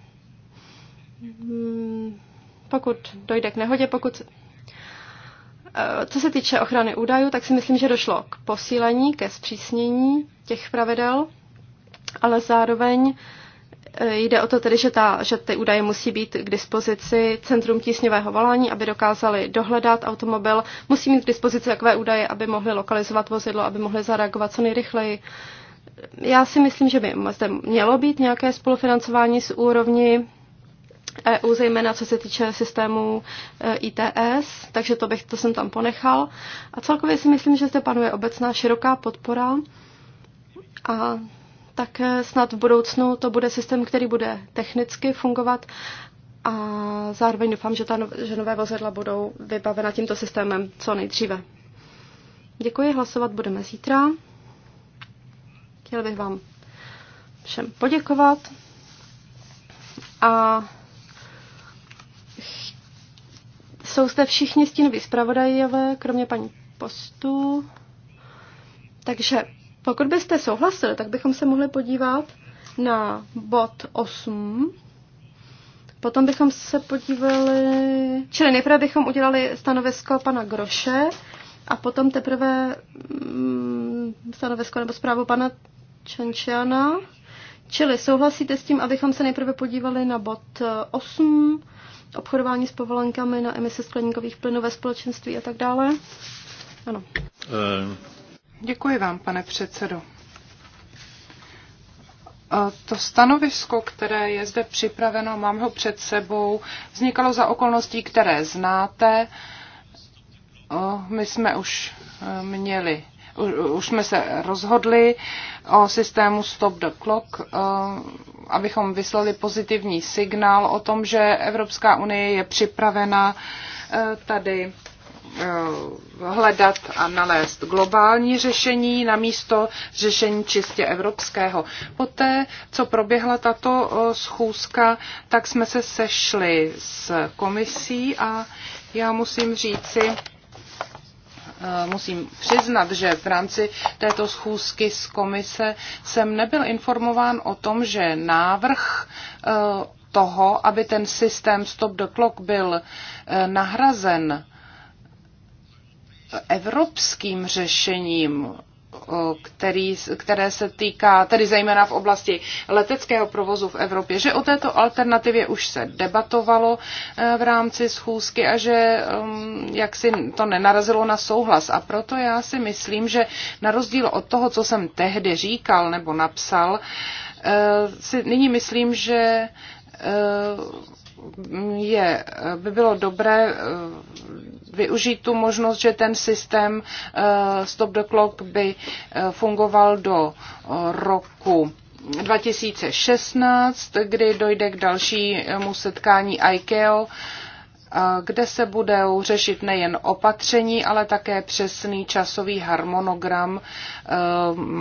mm, pokud dojde k nehodě, pokud Eh, co se týče ochrany údajů, tak si myslím, že došlo k posílení, ke zpřísnění těch pravidel, ale zároveň eh, jde o to tedy, že, ta, že ty údaje musí být k dispozici centrum tísňového volání, aby dokázali dohledat automobil, musí mít k dispozici takové údaje, aby mohli lokalizovat vozidlo, aby mohli zareagovat co nejrychleji. Já si myslím, že by zde mělo být nějaké spolufinancování z úrovni EU, zejména co se týče systému e, ITS, takže to, bych, to jsem tam ponechal. A celkově si myslím, že zde panuje obecná široká podpora a tak e, snad v budoucnu to bude systém, který bude technicky fungovat a zároveň doufám, že, ta, no, že nové vozidla budou vybavena tímto systémem co nejdříve. Děkuji, hlasovat budeme zítra. Chtěl bych vám všem poděkovat a Jsou zde všichni stínoví zpravodajové, kromě paní postu. Takže pokud byste souhlasili, tak bychom se mohli podívat na bod 8. Potom bychom se podívali, čili nejprve bychom udělali stanovisko pana Groše a potom teprve mm, stanovisko nebo zprávu pana Čenčiana. Čili souhlasíte s tím, abychom se nejprve podívali na bod 8, eh, obchodování s povolenkami na emise skleníkových plynů ve společenství a tak dále? Ano. Eh. Děkuji vám, pane předsedo. Eh, to stanovisko, které je zde připraveno, mám ho před sebou, vznikalo za okolností, které znáte. My jsme už měli už jsme se rozhodli o systému Stop the Clock, eh, abychom vyslali pozitivní signál o tom, že Evropská unie je připravena eh, tady eh, hledat a nalézt globální řešení na místo řešení čistě evropského. Poté, co proběhla tato schůzka, tak jsme se sešli s komisí a já musím říci, Eh, musím přiznat, že v rámci této schůzky z komise jsem nebyl informován o tom, že návrh eh, toho, aby ten systém Stop the Clock byl eh, nahrazen evropským řešením který, které se týká, tedy zejména v oblasti leteckého provozu v Evropě, že o této alternativě už se debatovalo eh, v rámci schůzky a že um, jak si to nenarazilo na souhlas. A proto já si myslím, že na rozdíl od toho, co jsem tehdy říkal nebo napsal, eh, si nyní myslím, že eh, je, by bylo dobré eh, využít tu možnost, že ten systém eh, Stop the Clock by eh, fungoval do roku 2016, kdy dojde k dalšímu setkání ICAO, kde se budou řešit nejen opatření, ale také přesný časový harmonogram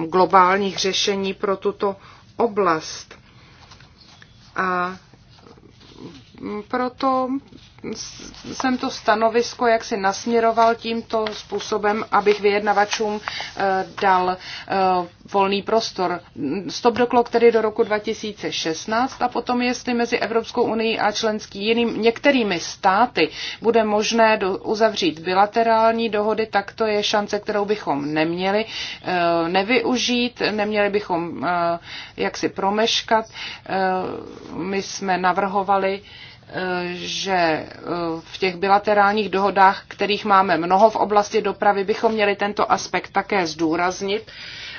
globálních řešení pro tuto oblast. A proto jsem to stanovisko jak si nasměroval tímto způsobem, abych vyjednavačům eh, dal eh, volný prostor. Stop the clock tedy do roku 2016 a potom, jestli mezi Evropskou unii a členský jiným některými státy bude možné do, uzavřít bilaterální dohody, tak to je šance, kterou bychom neměli eh, nevyužít, neměli bychom jaksi promeškat. My jsme navrhovali, že eh, v těch bilaterálních dohodách, kterých máme mnoho v oblasti dopravy, bychom měli tento aspekt také zdůraznit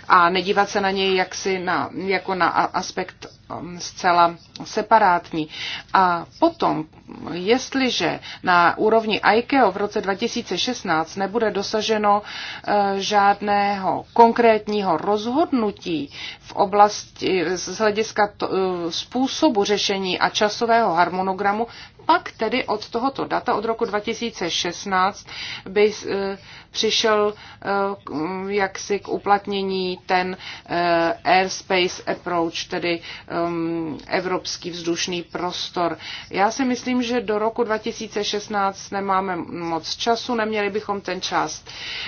a nedívat se na něj jaksi na, jako na aspekt um, zcela separátní. A potom, jestliže na úrovni ICAO v roce 2016 nebude dosaženo uh, žádného konkrétního rozhodnutí v oblasti z hlediska to, uh, způsobu řešení a časového harmonogramu, pak tedy od tohoto data od roku 2016 by uh, přišel eh, mm, jaksi k uplatnění ten eh, airspace approach, tedy mm, evropský vzdušný prostor. Já si myslím, že do roku 2016 nemáme moc času, neměli bychom ten čas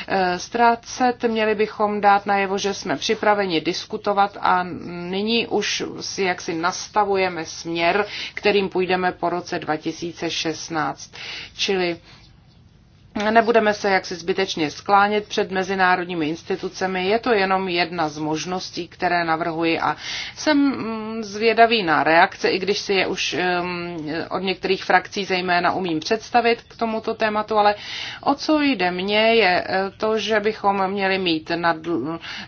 eh, ztrácet, měli bychom dát najevo, že jsme připraveni diskutovat a nyní už si jaksi nastavujeme směr, kterým půjdeme po roce 2016. Čili Nebudeme se jaksi zbytečně sklánět před mezinárodními institucemi, je to jenom jedna z možností, které navrhuji a jsem mm, zvědavý na reakce, i když si je už mm, od některých frakcí zejména umím představit k tomuto tématu, ale o co jde mně je e, to, že bychom měli mít na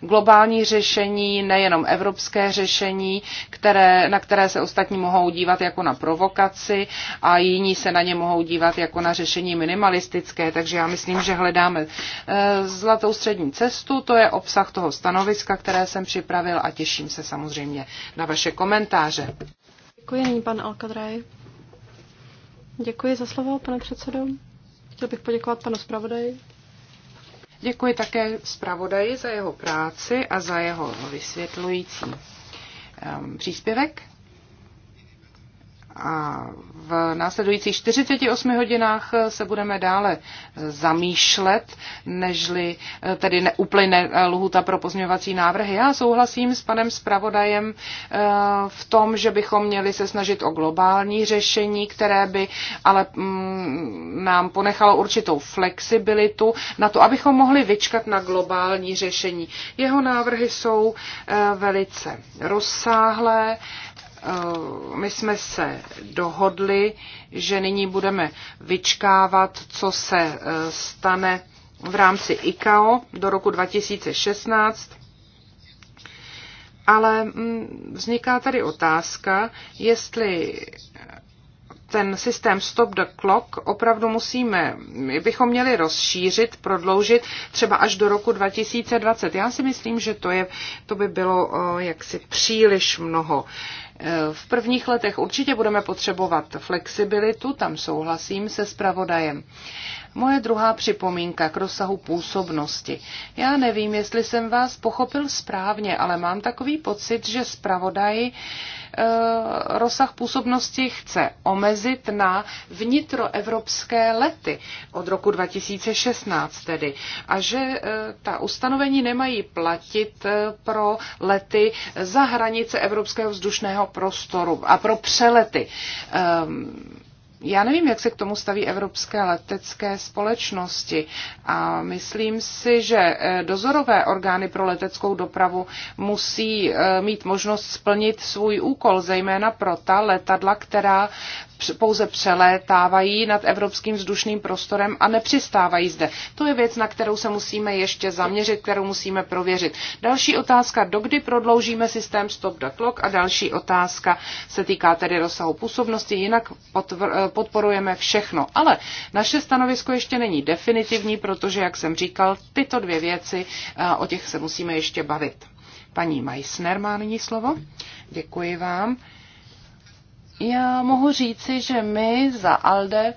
globální řešení, nejenom evropské řešení, které, na které se ostatní mohou dívat jako na provokaci a jiní se na ně mohou dívat jako na řešení minimalistické takže já myslím, že hledáme eh, zlatou střední cestu, to je obsah toho stanoviska, které jsem připravil a těším se samozřejmě na vaše komentáře. Děkuji, nyní pan Alkadraj. Děkuji za slovo, pane předsedo. Chtěl bych poděkovat panu zpravodaji. Děkuji také zpravodaji za jeho práci a za jeho vysvětlující um, příspěvek. A v následujících 48 hodinách se budeme dále zamýšlet, nežli eh, tedy neuplyne eh, lhuta pro pozměňovací návrhy. Já souhlasím s panem zpravodajem eh, v tom, že bychom měli se snažit o globální řešení, které by ale mm, nám ponechalo určitou flexibilitu na to, abychom mohli vyčkat na globální řešení. Jeho návrhy jsou velice rozsáhlé Eh, my jsme se dohodli, že nyní budeme vyčkávat, co se eh, stane v rámci ICAO do roku 2016. Ale mm, vzniká tady otázka, jestli ten systém Stop the Clock opravdu musíme, bychom měli rozšířit, prodloužit třeba až do roku 2020. Já si myslím, že to, je, to by bylo eh, jaksi příliš mnoho. Uh, Eh, v prvních letech určitě budeme potřebovat flexibilitu, tam souhlasím se spravodajem. Moje druhá připomínka k rozsahu působnosti. Já nevím, jestli jsem vás pochopil správně, ale mám takový pocit, že zpravodaj e, rozsah působnosti chce omezit na vnitroevropské lety od roku 2016 tedy a že e, ta ustanovení nemají platit e, pro lety za hranice evropského vzdušného prostoru a pro přelety. E, já nevím, jak se k tomu staví evropské letecké společnosti a myslím si, že eh, dozorové orgány pro leteckou dopravu musí eh, mít možnost splnit svůj úkol, zejména pro ta letadla, která pouze přelétávají nad evropským vzdušným prostorem a nepřistávají zde. To je věc, na kterou se musíme ještě zaměřit, kterou musíme prověřit. Další otázka, dokdy prodloužíme systém Stop the Clock a další otázka se týká tedy rozsahu působnosti, jinak eh, podporujeme všechno. Ale naše stanovisko ještě není definitivní, protože, jak jsem říkal, tyto dvě věci, eh, o těch se musíme ještě bavit. Paní Meissner má nyní slovo. Děkuji vám. Já mohu říci, že my za ALDE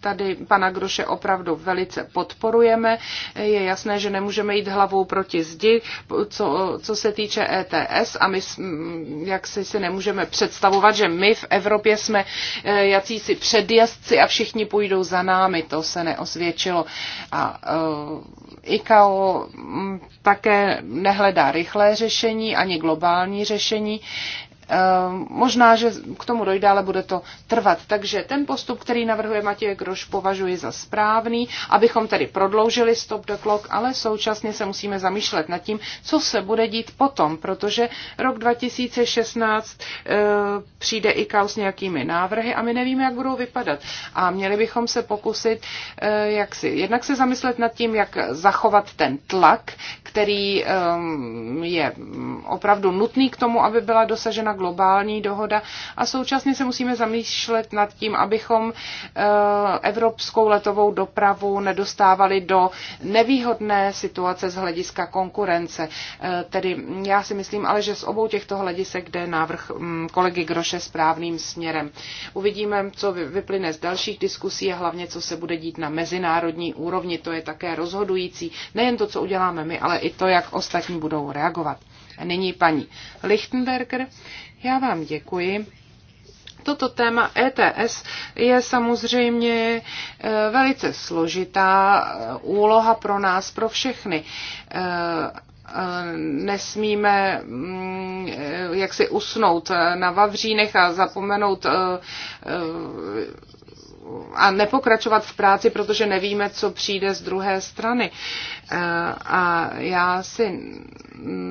tady pana Groše opravdu velice podporujeme. Je jasné, že nemůžeme jít hlavou proti zdi, co, co se týče ETS a my jak si, si nemůžeme představovat, že my v Evropě jsme eh, jacísi předjezdci a všichni půjdou za námi. To se neosvědčilo. A uh, ICAO také nehledá rychlé řešení ani globální řešení. Eh, možná, že k tomu dojde, ale bude to trvat. Takže ten postup, který navrhuje Matěj Groš, považuji za správný, abychom tedy prodloužili stop the clock, ale současně se musíme zamýšlet nad tím, co se bude dít potom, protože rok 2016 e, eh, přijde i kaos nějakými návrhy a my nevíme, jak budou vypadat. A měli bychom se pokusit, e, jak si, jednak se zamyslet nad tím, jak zachovat ten tlak, který um, je opravdu nutný k tomu, aby byla dosažena globální dohoda a současně se musíme zamýšlet nad tím, abychom uh, evropskou letovou dopravu nedostávali do nevýhodné situace z hlediska konkurence. Uh, tedy já si myslím ale, že z obou těchto hledisek jde návrh um, kolegy Groše správným směrem. Uvidíme, co vyplyne z dalších diskusí a hlavně, co se bude dít na mezinárodní úrovni. To je také rozhodující. Nejen to, co uděláme my, ale i to, jak ostatní budou reagovat. Nyní paní Lichtenberger, já vám děkuji toto téma ETS je samozřejmě e, velice složitá e, úloha pro nás, pro všechny. E, nesmíme mm, jaksi usnout na Vavřínech a zapomenout a nepokračovat v práci, protože nevíme, co přijde z druhé strany. Eh, a já si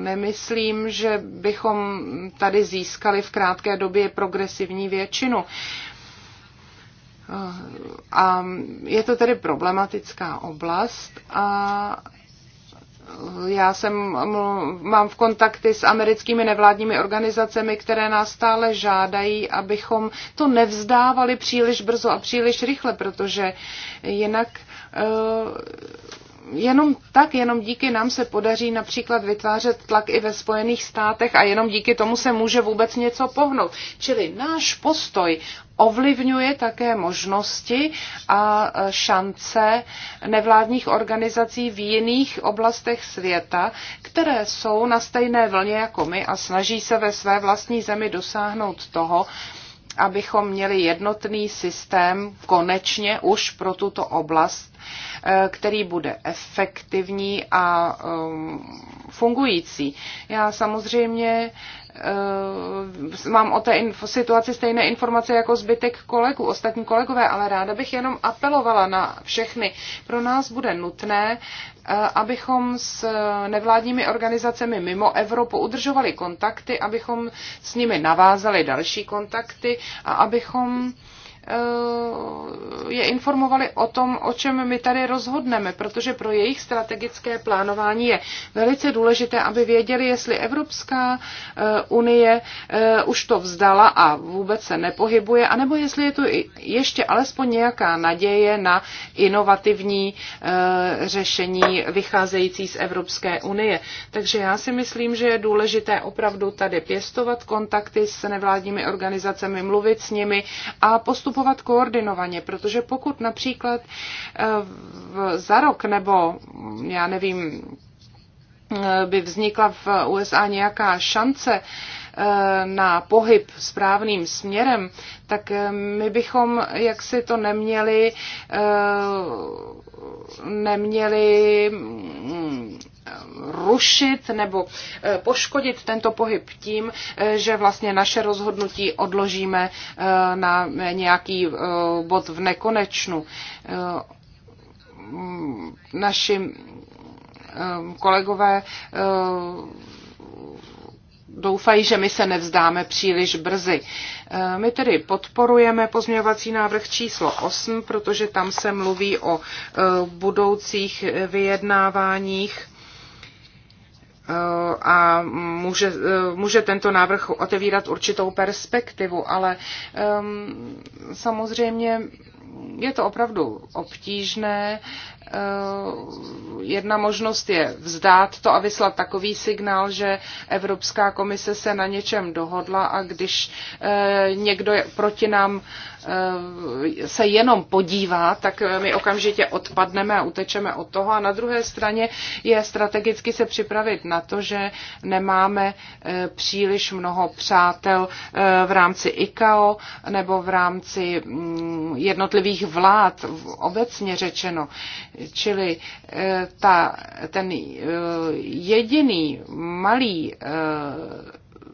nemyslím, že bychom tady získali v krátké době progresivní většinu. Eh, a je to tedy problematická oblast a já jsem, mám v kontakty s americkými nevládními organizacemi, které nás stále žádají, abychom to nevzdávali příliš brzo a příliš rychle, protože jinak eh, jenom tak, jenom díky nám se podaří například vytvářet tlak i ve Spojených státech a jenom díky tomu se může vůbec něco pohnout. Čili náš postoj ovlivňuje také možnosti a šance nevládních organizací v jiných oblastech světa, které jsou na stejné vlně jako my a snaží se ve své vlastní zemi dosáhnout toho, abychom měli jednotný systém konečně už pro tuto oblast, eh, který bude efektivní a um, fungující. Já samozřejmě Eh, mám o té info, situaci stejné informace jako zbytek kolegů, ostatní kolegové, ale ráda bych jenom apelovala na všechny. Pro nás bude nutné, eh, abychom s nevládními organizacemi mimo Evropu udržovali kontakty, abychom s nimi navázali další kontakty a abychom uh, Eh, je informovali o tom, o čem my tady rozhodneme, protože pro jejich strategické plánování je velice důležité, aby věděli, jestli Evropská eh, unie eh, už to vzdala a vůbec se nepohybuje, anebo jestli je tu ještě alespoň nějaká naděje na inovativní řešení vycházející z Evropské unie. Takže já si myslím, že je důležité opravdu tady pěstovat kontakty s nevládními organizacemi, mluvit s nimi a postupovat postupovat koordinovaně, protože pokud například eh, za rok nebo já nevím, eh, by vznikla v USA nějaká šance, eh, na pohyb správným směrem, tak my bychom jak si to neměli neměli mm, rušit nebo eh, poškodit tento pohyb tím, eh, že vlastně naše rozhodnutí odložíme eh, na nějaký bod v nekonečnu. Naši kolegové doufají, že my se nevzdáme příliš brzy. My tedy podporujeme pozměňovací návrh číslo 8, protože tam se mluví o budoucích vyjednáváních a může, může tento návrh otevírat určitou perspektivu, ale um, samozřejmě je to opravdu obtížné. Eh, jedna možnost je vzdát to a vyslat takový signál, že Evropská komise se na něčem dohodla a když eh, někdo proti nám eh, se jenom podívá, tak my okamžitě odpadneme a utečeme od toho. A na druhé straně je strategicky se připravit na to, že nemáme příliš mnoho přátel v rámci ICAO nebo v rámci mm, jednotlivých vlád, obecně řečeno. Čili eh, ta, ten eh, jediný malý eh,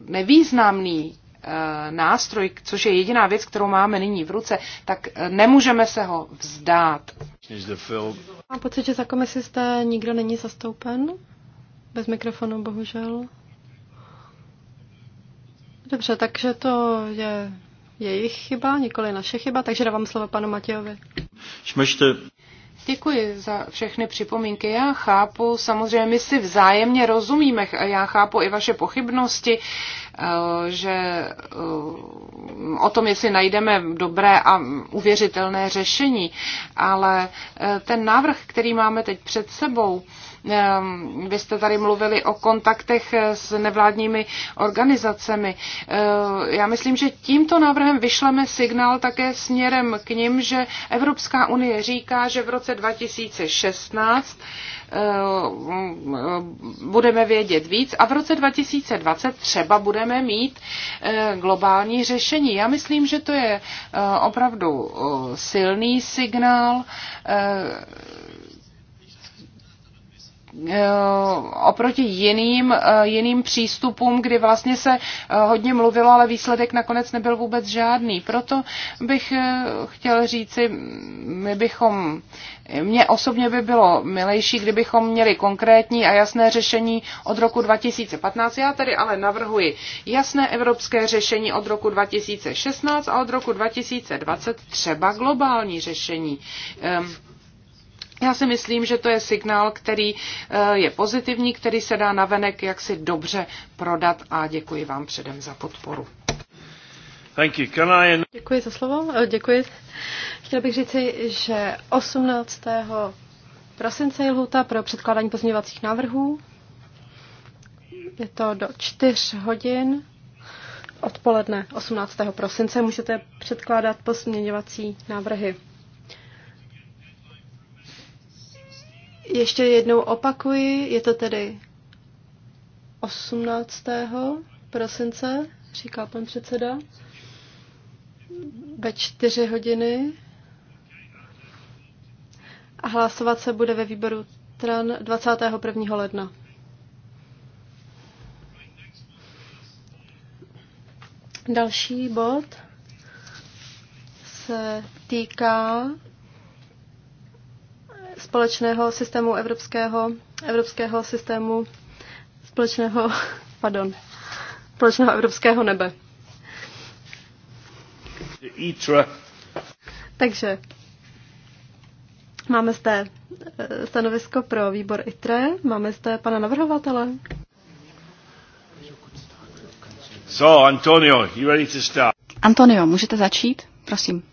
nevýznamný nástroj, což je jediná věc, kterou máme nyní v ruce, tak nemůžeme se ho vzdát. Mám pocit, že za komisi zde nikdo není zastoupen? Bez mikrofonu, bohužel. Dobře, takže to je jejich chyba, nikoli naše chyba, takže dávám slovo panu Matějovi. Ich Děkuji za všechny připomínky. Já chápu, samozřejmě my si vzájemně rozumíme, já chápu i vaše pochybnosti, eh, že eh, o tom, jestli najdeme dobré a uvěřitelné řešení, ale eh, ten návrh, který máme teď před sebou, Ehm, vy jste tady mluvili o kontaktech s nevládními organizacemi. Ehm, já myslím, že tímto návrhem vyšleme signál také směrem k ním, že Evropská unie říká, že v roce 2016 ehm, budeme vědět víc a v roce 2020 třeba budeme mít globální řešení. Já myslím, že to je opravdu silný signál Eh, oproti jiným, eh, jiným přístupům, kdy vlastně se eh, hodně mluvilo, ale výsledek nakonec nebyl vůbec žádný. Proto bych chtěl říci, my bychom mně osobně by bylo milejší, kdybychom měli konkrétní a jasné řešení od roku 2015. Já tedy ale navrhuji jasné evropské řešení od roku 2016 a od roku 2020 třeba globální řešení. Um, já si myslím, že to je signál, který eh, je pozitivní, který se dá navenek jaksi dobře prodat a děkuji vám předem za podporu. Thank you. Can I... Děkuji za slovo. Eh, děkuji. Chtěla bych říci, že 18. prosince je lhuta pro předkládání pozměňovacích návrhů. Je to do 4 hodin odpoledne 18. prosince. Můžete předkládat pozměňovací návrhy. Ještě jednou opakuji, je to tedy 18. prosince, říká pan předseda, ve čtyři hodiny a hlasovat se bude ve výboru TRAN 21. ledna. Další bod se týká společného systému evropského, evropského systému společného, pardon, společného evropského nebe. Takže máme zde eh, stanovisko pro výbor ITRE, máme zde pana navrhovatele. So, Antonio, you ready to start? Antonio, můžete začít? Prosím.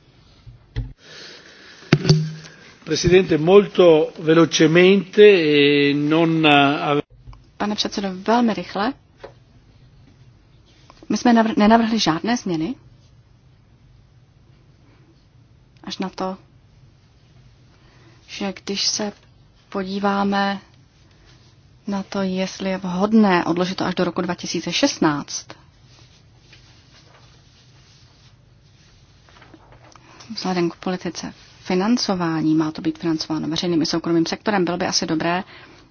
Presidente, molto velocemente e non... Eh, Pane předsedo, velmi rychle. My jsme navr- nenavrhli žádné změny. Až na to, že když se podíváme na to, jestli je vhodné odložit to až do roku 2016, vzhledem k politice financování, má to být financováno veřejným i soukromým sektorem, bylo by asi dobré,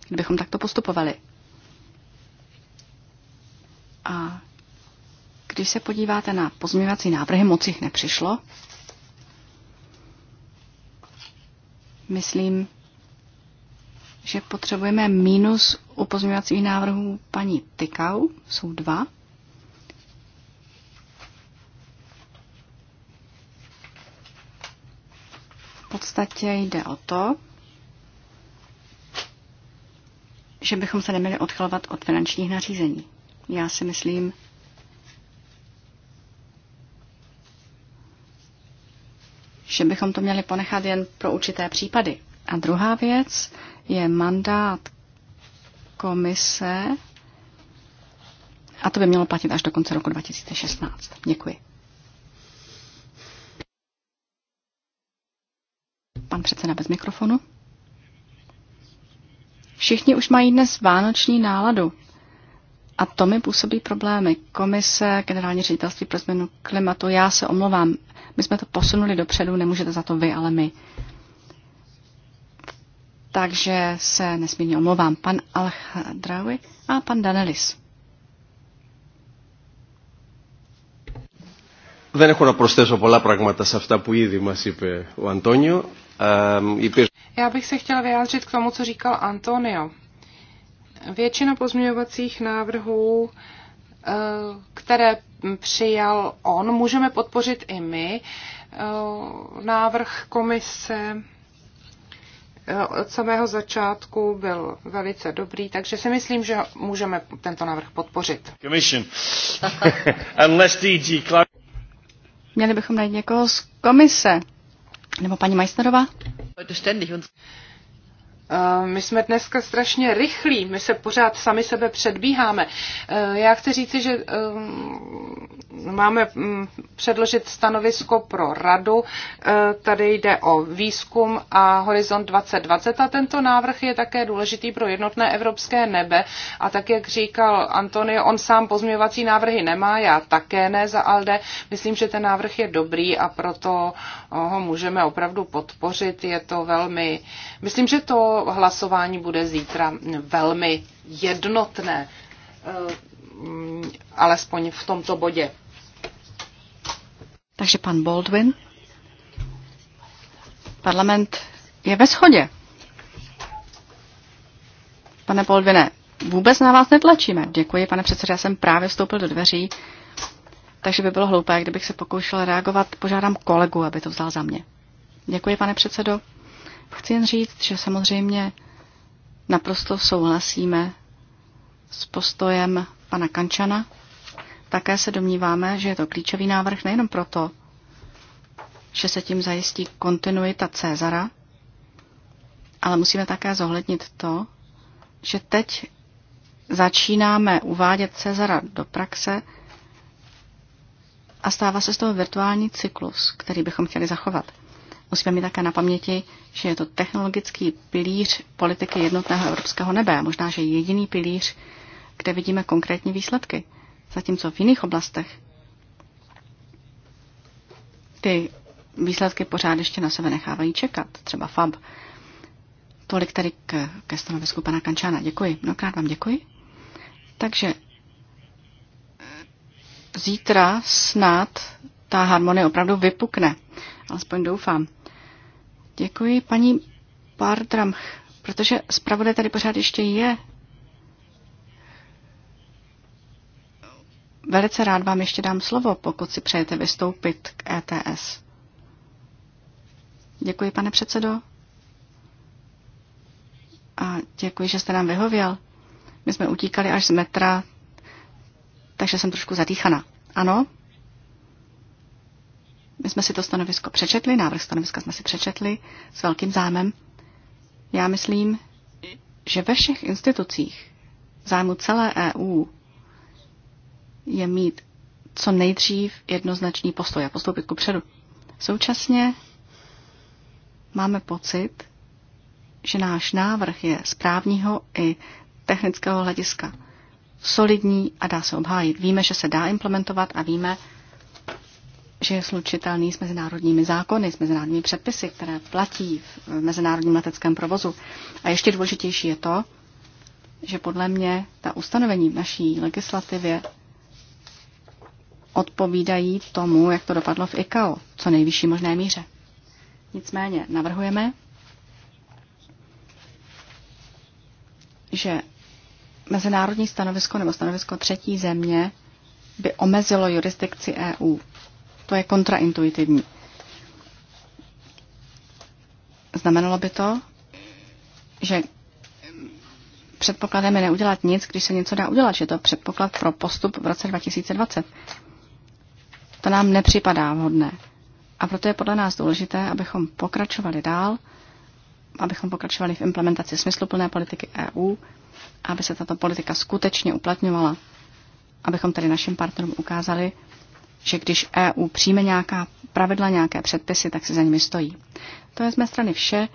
kdybychom takto postupovali. A když se podíváte na pozměňovací návrhy, moc jich nepřišlo. Myslím, že potřebujeme mínus u pozměňovacích návrhů paní Tykau, jsou dva. podstatě jde o to, že bychom se neměli odchylovat od finančních nařízení. Já si myslím, že bychom to měli ponechat jen pro určité případy. A druhá věc je mandát komise a to by mělo platit až do konce roku 2016. Děkuji. Pan předseda bez mikrofonu. Všichni už mají dnes vánoční náladu. A to mi působí problémy. Komise, generální ředitelství pro změnu klimatu, já se omlouvám. My jsme to posunuli dopředu, nemůžete za to vy, ale my. Takže se nesmírně omlouvám. Pan Alchadrawi a pan Danelis. Δεν έχω να προσθέσω πολλά πράγματα σε αυτά που ήδη μας είπε ο Αντώνιο. Ehm, Já bych se chtěla vyjádřit k tomu, co říkal Antonio. Většina pozměňovacích návrhů, eh, které přijal on, můžeme podpořit i my. Eh, návrh komise eh, od samého začátku byl velice dobrý, takže si myslím, že můžeme tento návrh podpořit. Měli bychom najít někoho z komise. Nebo paní Meissnerová? My jsme dneska strašně rychlí, my se pořád sami sebe předbíháme. E, já chci říci, že e, máme mm, předložit stanovisko pro radu. E, tady jde o výzkum a Horizont 2020 a tento návrh je také důležitý pro jednotné evropské nebe. A tak, jak říkal Antonio, on sám pozměvací návrhy nemá, já také ne za ALDE. Myslím, že ten návrh je dobrý a proto ho můžeme opravdu podpořit. Je to velmi... Myslím, že to hlasování bude zítra velmi jednotné, eh, alespoň v tomto bodě. Takže pan Baldwin. Parlament je ve schodě. Pane Baldwine, vůbec na vás netlačíme. Děkuji, pane předsedo, já jsem právě vstoupil do dveří, takže by bylo hloupé, kdybych se pokoušel reagovat. Požádám kolegu, aby to vzal za mě. Děkuji, pane předsedo. Chci jen říct, že samozřejmě naprosto souhlasíme s postojem pana Kančana. Také se domníváme, že je to klíčový návrh nejenom proto, že se tím zajistí kontinuita Cezara, ale musíme také zohlednit to, že teď začínáme uvádět Cezara do praxe a stává se z toho virtuální cyklus, který bychom chtěli zachovat. Musíme mít také na paměti, že je to technologický pilíř politiky jednotného evropského nebe, možná, že jediný pilíř, kde vidíme konkrétní výsledky. Zatímco v jiných oblastech ty výsledky pořád ještě na sebe nechávají čekat, třeba FAB. Tolik tady k, ke stanovisku pana Kančána. Děkuji. Mnohokrát vám děkuji. Takže eh, zítra snad ta harmonie opravdu vypukne. Alespoň doufám. Děkuji paní Bardram, protože zpravodaj tady pořád ještě je. Velice rád vám ještě dám slovo, pokud si přejete vystoupit k ETS. Děkuji, pane předsedo. A děkuji, že jste nám vyhověl. My jsme utíkali až z metra, takže jsem trošku zadýchaná. Ano, my jsme si to stanovisko přečetli, návrh stanoviska jsme si přečetli s velkým zájmem. Já myslím, že ve všech institucích zájmu celé EU je mít co nejdřív jednoznačný postoj a postoupit ku předu. Současně máme pocit, že náš návrh je z právního i technického hlediska solidní a dá se obhájit. Víme, že se dá implementovat a víme, že je slučitelný s mezinárodními zákony, s mezinárodními předpisy, které platí v mezinárodním leteckém provozu. A ještě důležitější je to, že podle mě ta ustanovení v naší legislativě odpovídají tomu, jak to dopadlo v ICAO, co nejvyšší možné míře. Nicméně navrhujeme, že mezinárodní stanovisko nebo stanovisko třetí země by omezilo jurisdikci EU to je kontraintuitivní. Znamenalo by to, že předpokladem je neudělat nic, když se něco dá udělat, že to předpoklad pro postup v roce 2020. To nám nepřipadá vhodné. A proto je podle nás důležité, abychom pokračovali dál, abychom pokračovali v implementaci smysluplné politiky EU, aby se tato politika skutečně uplatňovala, abychom tedy našim partnerům ukázali, že když EU přijme nějaká pravidla, nějaké předpisy, tak si za nimi stojí. To je z mé strany vše.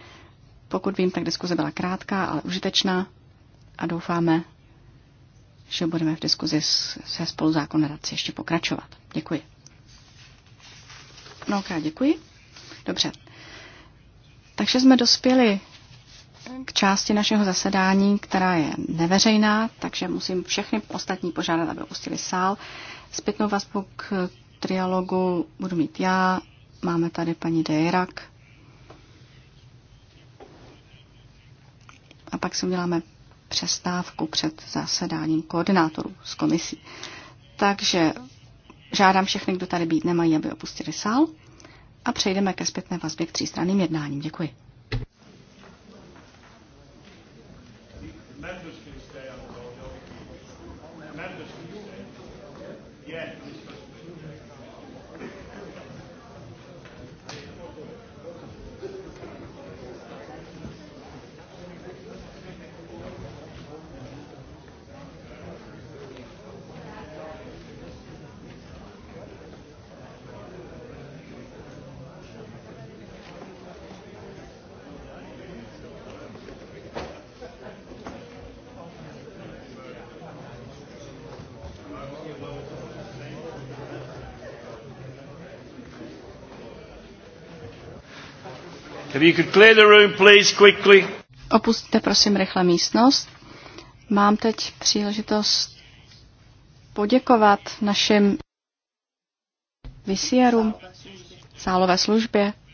Pokud vím, tak diskuze byla krátká, ale užitečná a doufáme, že budeme v diskuzi se spoluzákonodatci ještě pokračovat. Děkuji. Mnohokrát děkuji. Dobře. Takže jsme dospěli k části našeho zasedání, která je neveřejná, takže musím všechny ostatní požádat, aby opustili sál. Zpětnou vazbu k trialogu budu mít já, máme tady paní Dejrak. A pak si uděláme přestávku před zasedáním koordinátorů z komisí. Takže žádám všechny, kdo tady být nemají, aby opustili sál a přejdeme ke zpětné vazbě k třístranným jednáním. Děkuji. If you could clear the room, please, quickly. Opustíte prosím rychle místnost. Mám teď příležitost poděkovat našim visiérům, sálové službě.